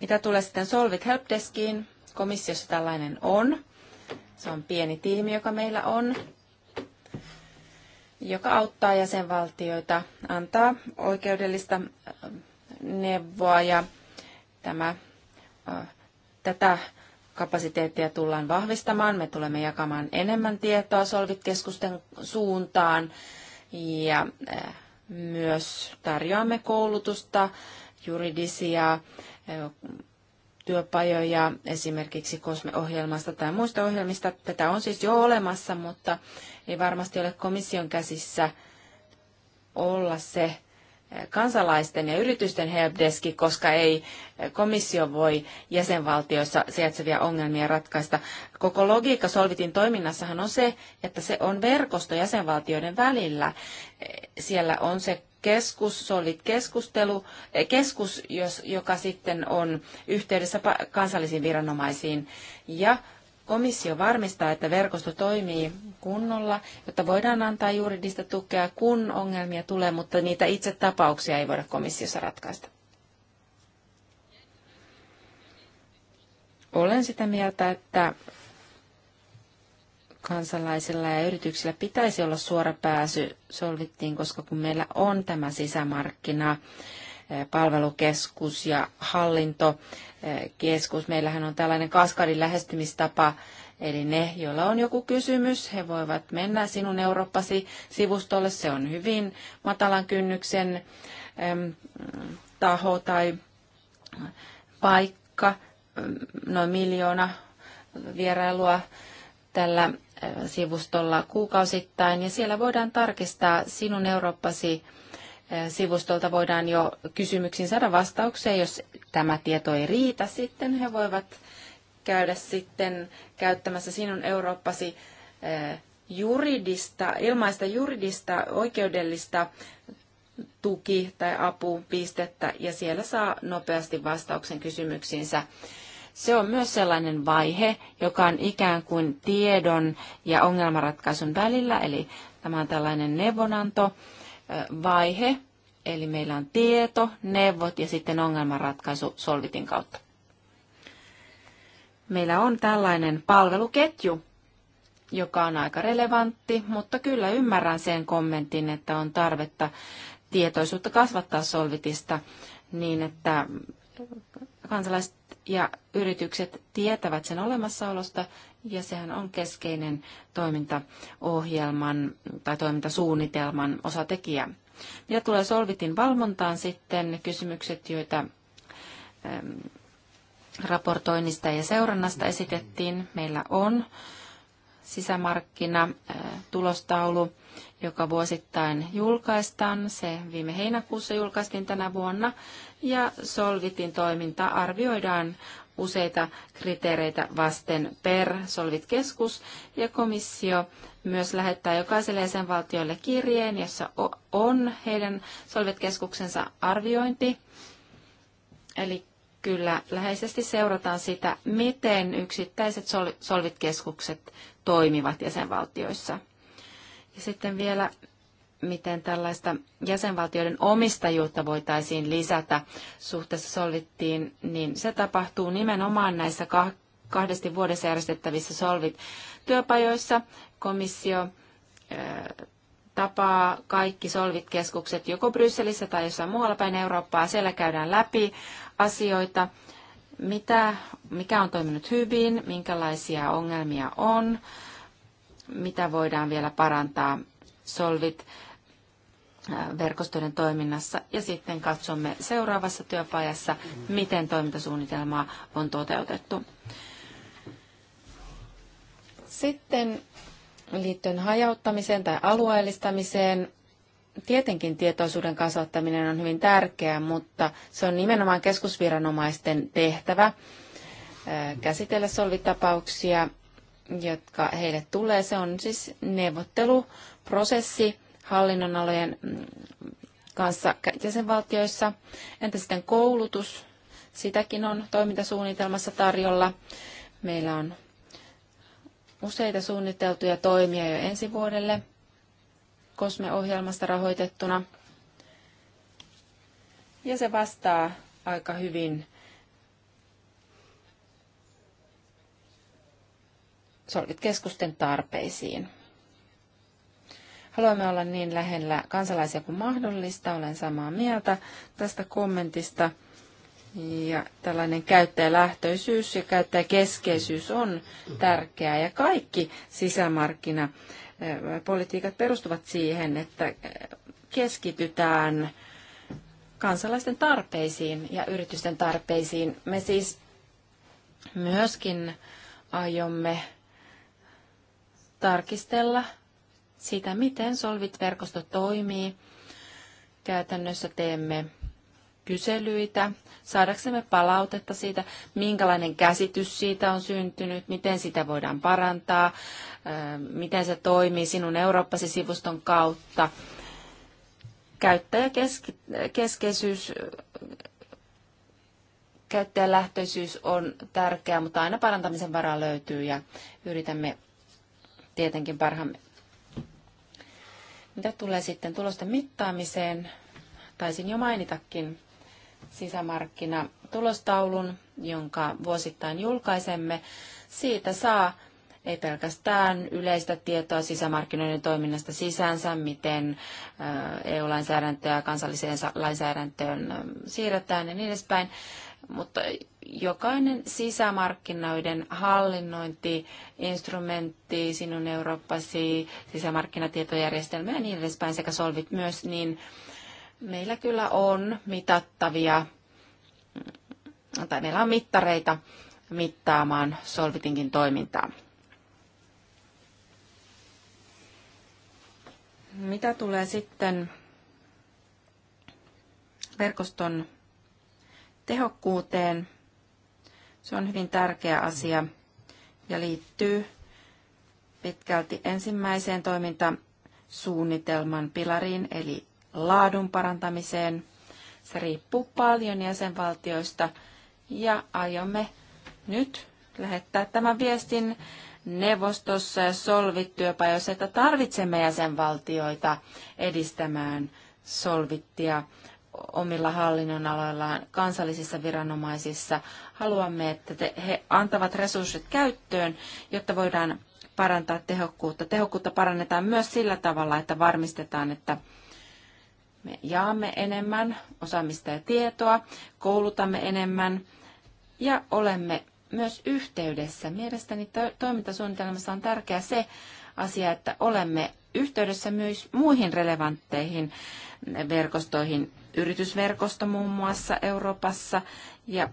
Mitä tulee sitten Solvit Helpdeskiin, Komissiossa tällainen on. Se on pieni tiimi, joka meillä on, joka auttaa jäsenvaltioita, antaa oikeudellista äh, neuvoa ja tämä, äh, tätä kapasiteettia tullaan vahvistamaan. Me tulemme jakamaan enemmän tietoa solvitkeskusten suuntaan ja äh, myös tarjoamme koulutusta, juridisia työpajoja esimerkiksi kosmeohjelmasta tai muista ohjelmista. Tätä on siis jo olemassa, mutta ei varmasti ole komission käsissä olla se, kansalaisten ja yritysten helpdeski, koska ei komissio voi jäsenvaltioissa sijaitsevia ongelmia ratkaista. Koko logiikka Solvitin toiminnassahan on se, että se on verkosto jäsenvaltioiden välillä. Siellä on se keskus, solvit keskustelu, eh, keskus, joka sitten on yhteydessä kansallisiin viranomaisiin. Ja komissio varmistaa, että verkosto toimii kunnolla, jotta voidaan antaa juridista tukea, kun ongelmia tulee, mutta niitä itse tapauksia ei voida komissiossa ratkaista. Olen sitä mieltä, että kansalaisilla ja yrityksillä pitäisi olla suora pääsy solvittiin, koska kun meillä on tämä sisämarkkina, palvelukeskus ja hallintokeskus. Meillähän on tällainen kaskadin lähestymistapa, Eli ne, joilla on joku kysymys, he voivat mennä sinun Eurooppasi sivustolle. Se on hyvin matalan kynnyksen taho tai paikka, noin miljoona vierailua tällä sivustolla kuukausittain. Ja siellä voidaan tarkistaa sinun Eurooppasi sivustolta voidaan jo kysymyksiin saada vastauksia. Jos tämä tieto ei riitä, sitten he voivat käydä sitten käyttämässä sinun Eurooppasi juridista, ilmaista juridista oikeudellista tuki- tai apupistettä ja siellä saa nopeasti vastauksen kysymyksiinsä. Se on myös sellainen vaihe, joka on ikään kuin tiedon ja ongelmanratkaisun välillä, eli tämä on tällainen neuvonanto vaihe, eli meillä on tieto, neuvot ja sitten ongelmanratkaisu Solvitin kautta. Meillä on tällainen palveluketju, joka on aika relevantti, mutta kyllä ymmärrän sen kommentin, että on tarvetta tietoisuutta kasvattaa Solvitista niin, että kansalaiset ja yritykset tietävät sen olemassaolosta, ja sehän on keskeinen toimintaohjelman tai toimintasuunnitelman osatekijä. Mitä tulee Solvitin valvontaan sitten, kysymykset, joita raportoinnista ja seurannasta esitettiin, meillä on sisämarkkina tulostaulu, joka vuosittain julkaistaan. Se viime heinäkuussa julkaistiin tänä vuonna ja Solvitin toiminta arvioidaan useita kriteereitä vasten per Solvit-keskus ja komissio myös lähettää jokaiselle jäsenvaltiolle kirjeen, jossa on heidän Solvit-keskuksensa arviointi. Eli kyllä läheisesti seurataan sitä, miten yksittäiset sol- solvitkeskukset toimivat jäsenvaltioissa. Ja sitten vielä, miten tällaista jäsenvaltioiden omistajuutta voitaisiin lisätä suhteessa solvittiin, niin se tapahtuu nimenomaan näissä kahdesti vuodessa järjestettävissä solvit työpajoissa. Komissio tapaa kaikki solvit keskukset, joko Brysselissä tai jossain muualla päin Eurooppaa. Siellä käydään läpi asioita, mitä, mikä on toiminut hyvin, minkälaisia ongelmia on, mitä voidaan vielä parantaa solvit äh, verkostojen toiminnassa ja sitten katsomme seuraavassa työpajassa, miten toimintasuunnitelmaa on toteutettu. Sitten liittyen hajauttamiseen tai alueellistamiseen, tietenkin tietoisuuden kasvattaminen on hyvin tärkeää, mutta se on nimenomaan keskusviranomaisten tehtävä äh, käsitellä solvitapauksia, jotka heille tulee. Se on siis neuvotteluprosessi hallinnonalojen mm, kanssa jäsenvaltioissa. Entä sitten koulutus? Sitäkin on toimintasuunnitelmassa tarjolla. Meillä on useita suunniteltuja toimia jo ensi vuodelle kosmeohjelmasta rahoitettuna. Ja se vastaa aika hyvin Solvit-keskusten tarpeisiin. Haluamme olla niin lähellä kansalaisia kuin mahdollista, olen samaa mieltä tästä kommentista – ja tällainen käyttäjälähtöisyys ja käyttäjäkeskeisyys on tärkeää ja kaikki sisämarkkina eh, perustuvat siihen, että eh, keskitytään kansalaisten tarpeisiin ja yritysten tarpeisiin. Me siis myöskin aiomme tarkistella sitä, miten Solvit-verkosto toimii. Käytännössä teemme kyselyitä saadaksemme palautetta siitä, minkälainen käsitys siitä on syntynyt, miten sitä voidaan parantaa, ähm, miten se toimii sinun Eurooppasi-sivuston kautta. Käyttäjäkeskeisyys, käyttäjälähtöisyys on tärkeää, mutta aina parantamisen varaa löytyy ja yritämme tietenkin parhaamme. Mitä tulee sitten tulosten mittaamiseen, taisin jo mainitakin sisämarkkinatulostaulun, jonka vuosittain julkaisemme. Siitä saa ei pelkästään yleistä tietoa sisämarkkinoiden toiminnasta sisäänsä, miten EU-lainsäädäntöä ja kansalliseen lainsäädäntöön siirretään ja niin edespäin, mutta jokainen sisämarkkinoiden hallinnointiinstrumentti, sinun Eurooppasi, sisämarkkinatietojärjestelmä ja niin edespäin sekä solvit myös, niin Meillä kyllä on mitattavia, tai meillä on mittareita mittaamaan Solvitinkin toimintaa. Mitä tulee sitten verkoston tehokkuuteen, se on hyvin tärkeä asia ja liittyy pitkälti ensimmäiseen toimintasuunnitelman pilariin, eli laadun parantamiseen. Se riippuu paljon jäsenvaltioista ja aiomme nyt lähettää tämän viestin neuvostossa ja solvittyöpajossa, että tarvitsemme jäsenvaltioita edistämään solvittia omilla hallinnonaloillaan kansallisissa viranomaisissa. Haluamme, että te, he antavat resurssit käyttöön, jotta voidaan parantaa tehokkuutta. Tehokkuutta parannetaan myös sillä tavalla, että varmistetaan, että me jaamme enemmän osaamista ja tietoa, koulutamme enemmän ja olemme myös yhteydessä. Mielestäni toimintasuunnitelmassa on tärkeää se asia, että olemme yhteydessä myös muihin relevantteihin verkostoihin, yritysverkosto muun muassa Euroopassa, ja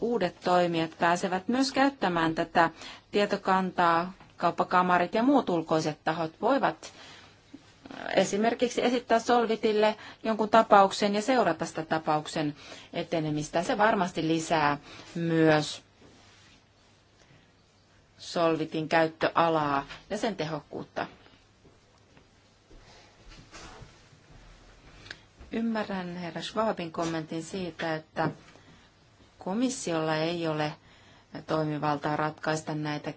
uudet toimijat pääsevät myös käyttämään tätä tietokantaa, kauppakamarit ja muut ulkoiset tahot voivat esimerkiksi esittää Solvitille jonkun tapauksen ja seurata sitä tapauksen etenemistä. Se varmasti lisää myös Solvitin käyttöalaa ja sen tehokkuutta. Ymmärrän herra Schwabin kommentin siitä, että komissiolla ei ole toimivaltaa ratkaista näitä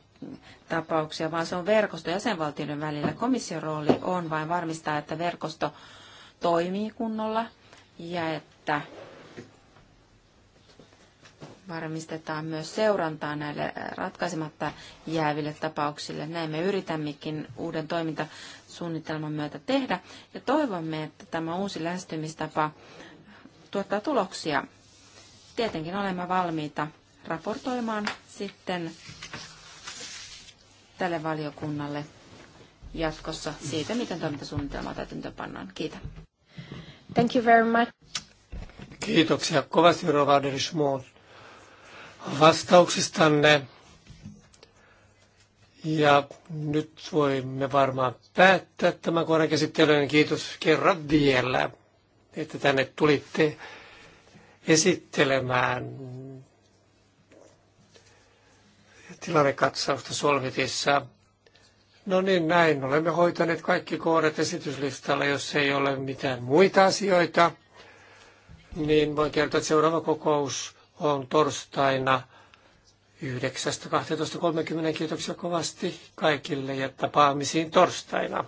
tapauksia, vaan se on verkosto jäsenvaltioiden välillä. Komission rooli on vain varmistaa, että verkosto toimii kunnolla ja että varmistetaan myös seurantaa näille ratkaisematta jääville tapauksille. Näin me yritämmekin uuden toimintasuunnitelman myötä tehdä ja toivomme, että tämä uusi lähestymistapa tuottaa tuloksia. Tietenkin olemme valmiita raportoimaan sitten tälle valiokunnalle jatkossa siitä, miten toimintasuunnitelmaa täytäntöön pannaan. Kiitä. Thank you very much. Kiitoksia kovasti Rova Derishmoon vastauksistanne. Ja nyt voimme varmaan päättää tämän kohdan Kiitos kerran vielä, että tänne tulitte esittelemään tilannekatsausta Solvitissa. No niin, näin. Olemme hoitaneet kaikki kohdat esityslistalla. Jos ei ole mitään muita asioita, niin voin kertoa, että seuraava kokous on torstaina 9.12.30. Kiitoksia kovasti kaikille ja tapaamisiin torstaina.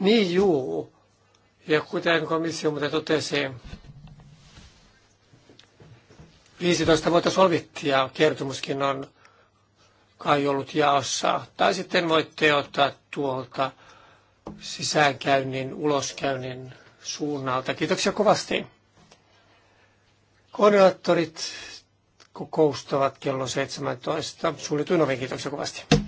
Niin juu. Ja kuten komissio muuten totesi, 15 vuotta solvittia kertomuskin on kai ollut jaossa. Tai sitten voitte ottaa tuolta sisäänkäynnin, uloskäynnin suunnalta. Kiitoksia kovasti. Koordinaattorit kokoustavat kello 17. Suljetuin oven kiitoksia kovasti.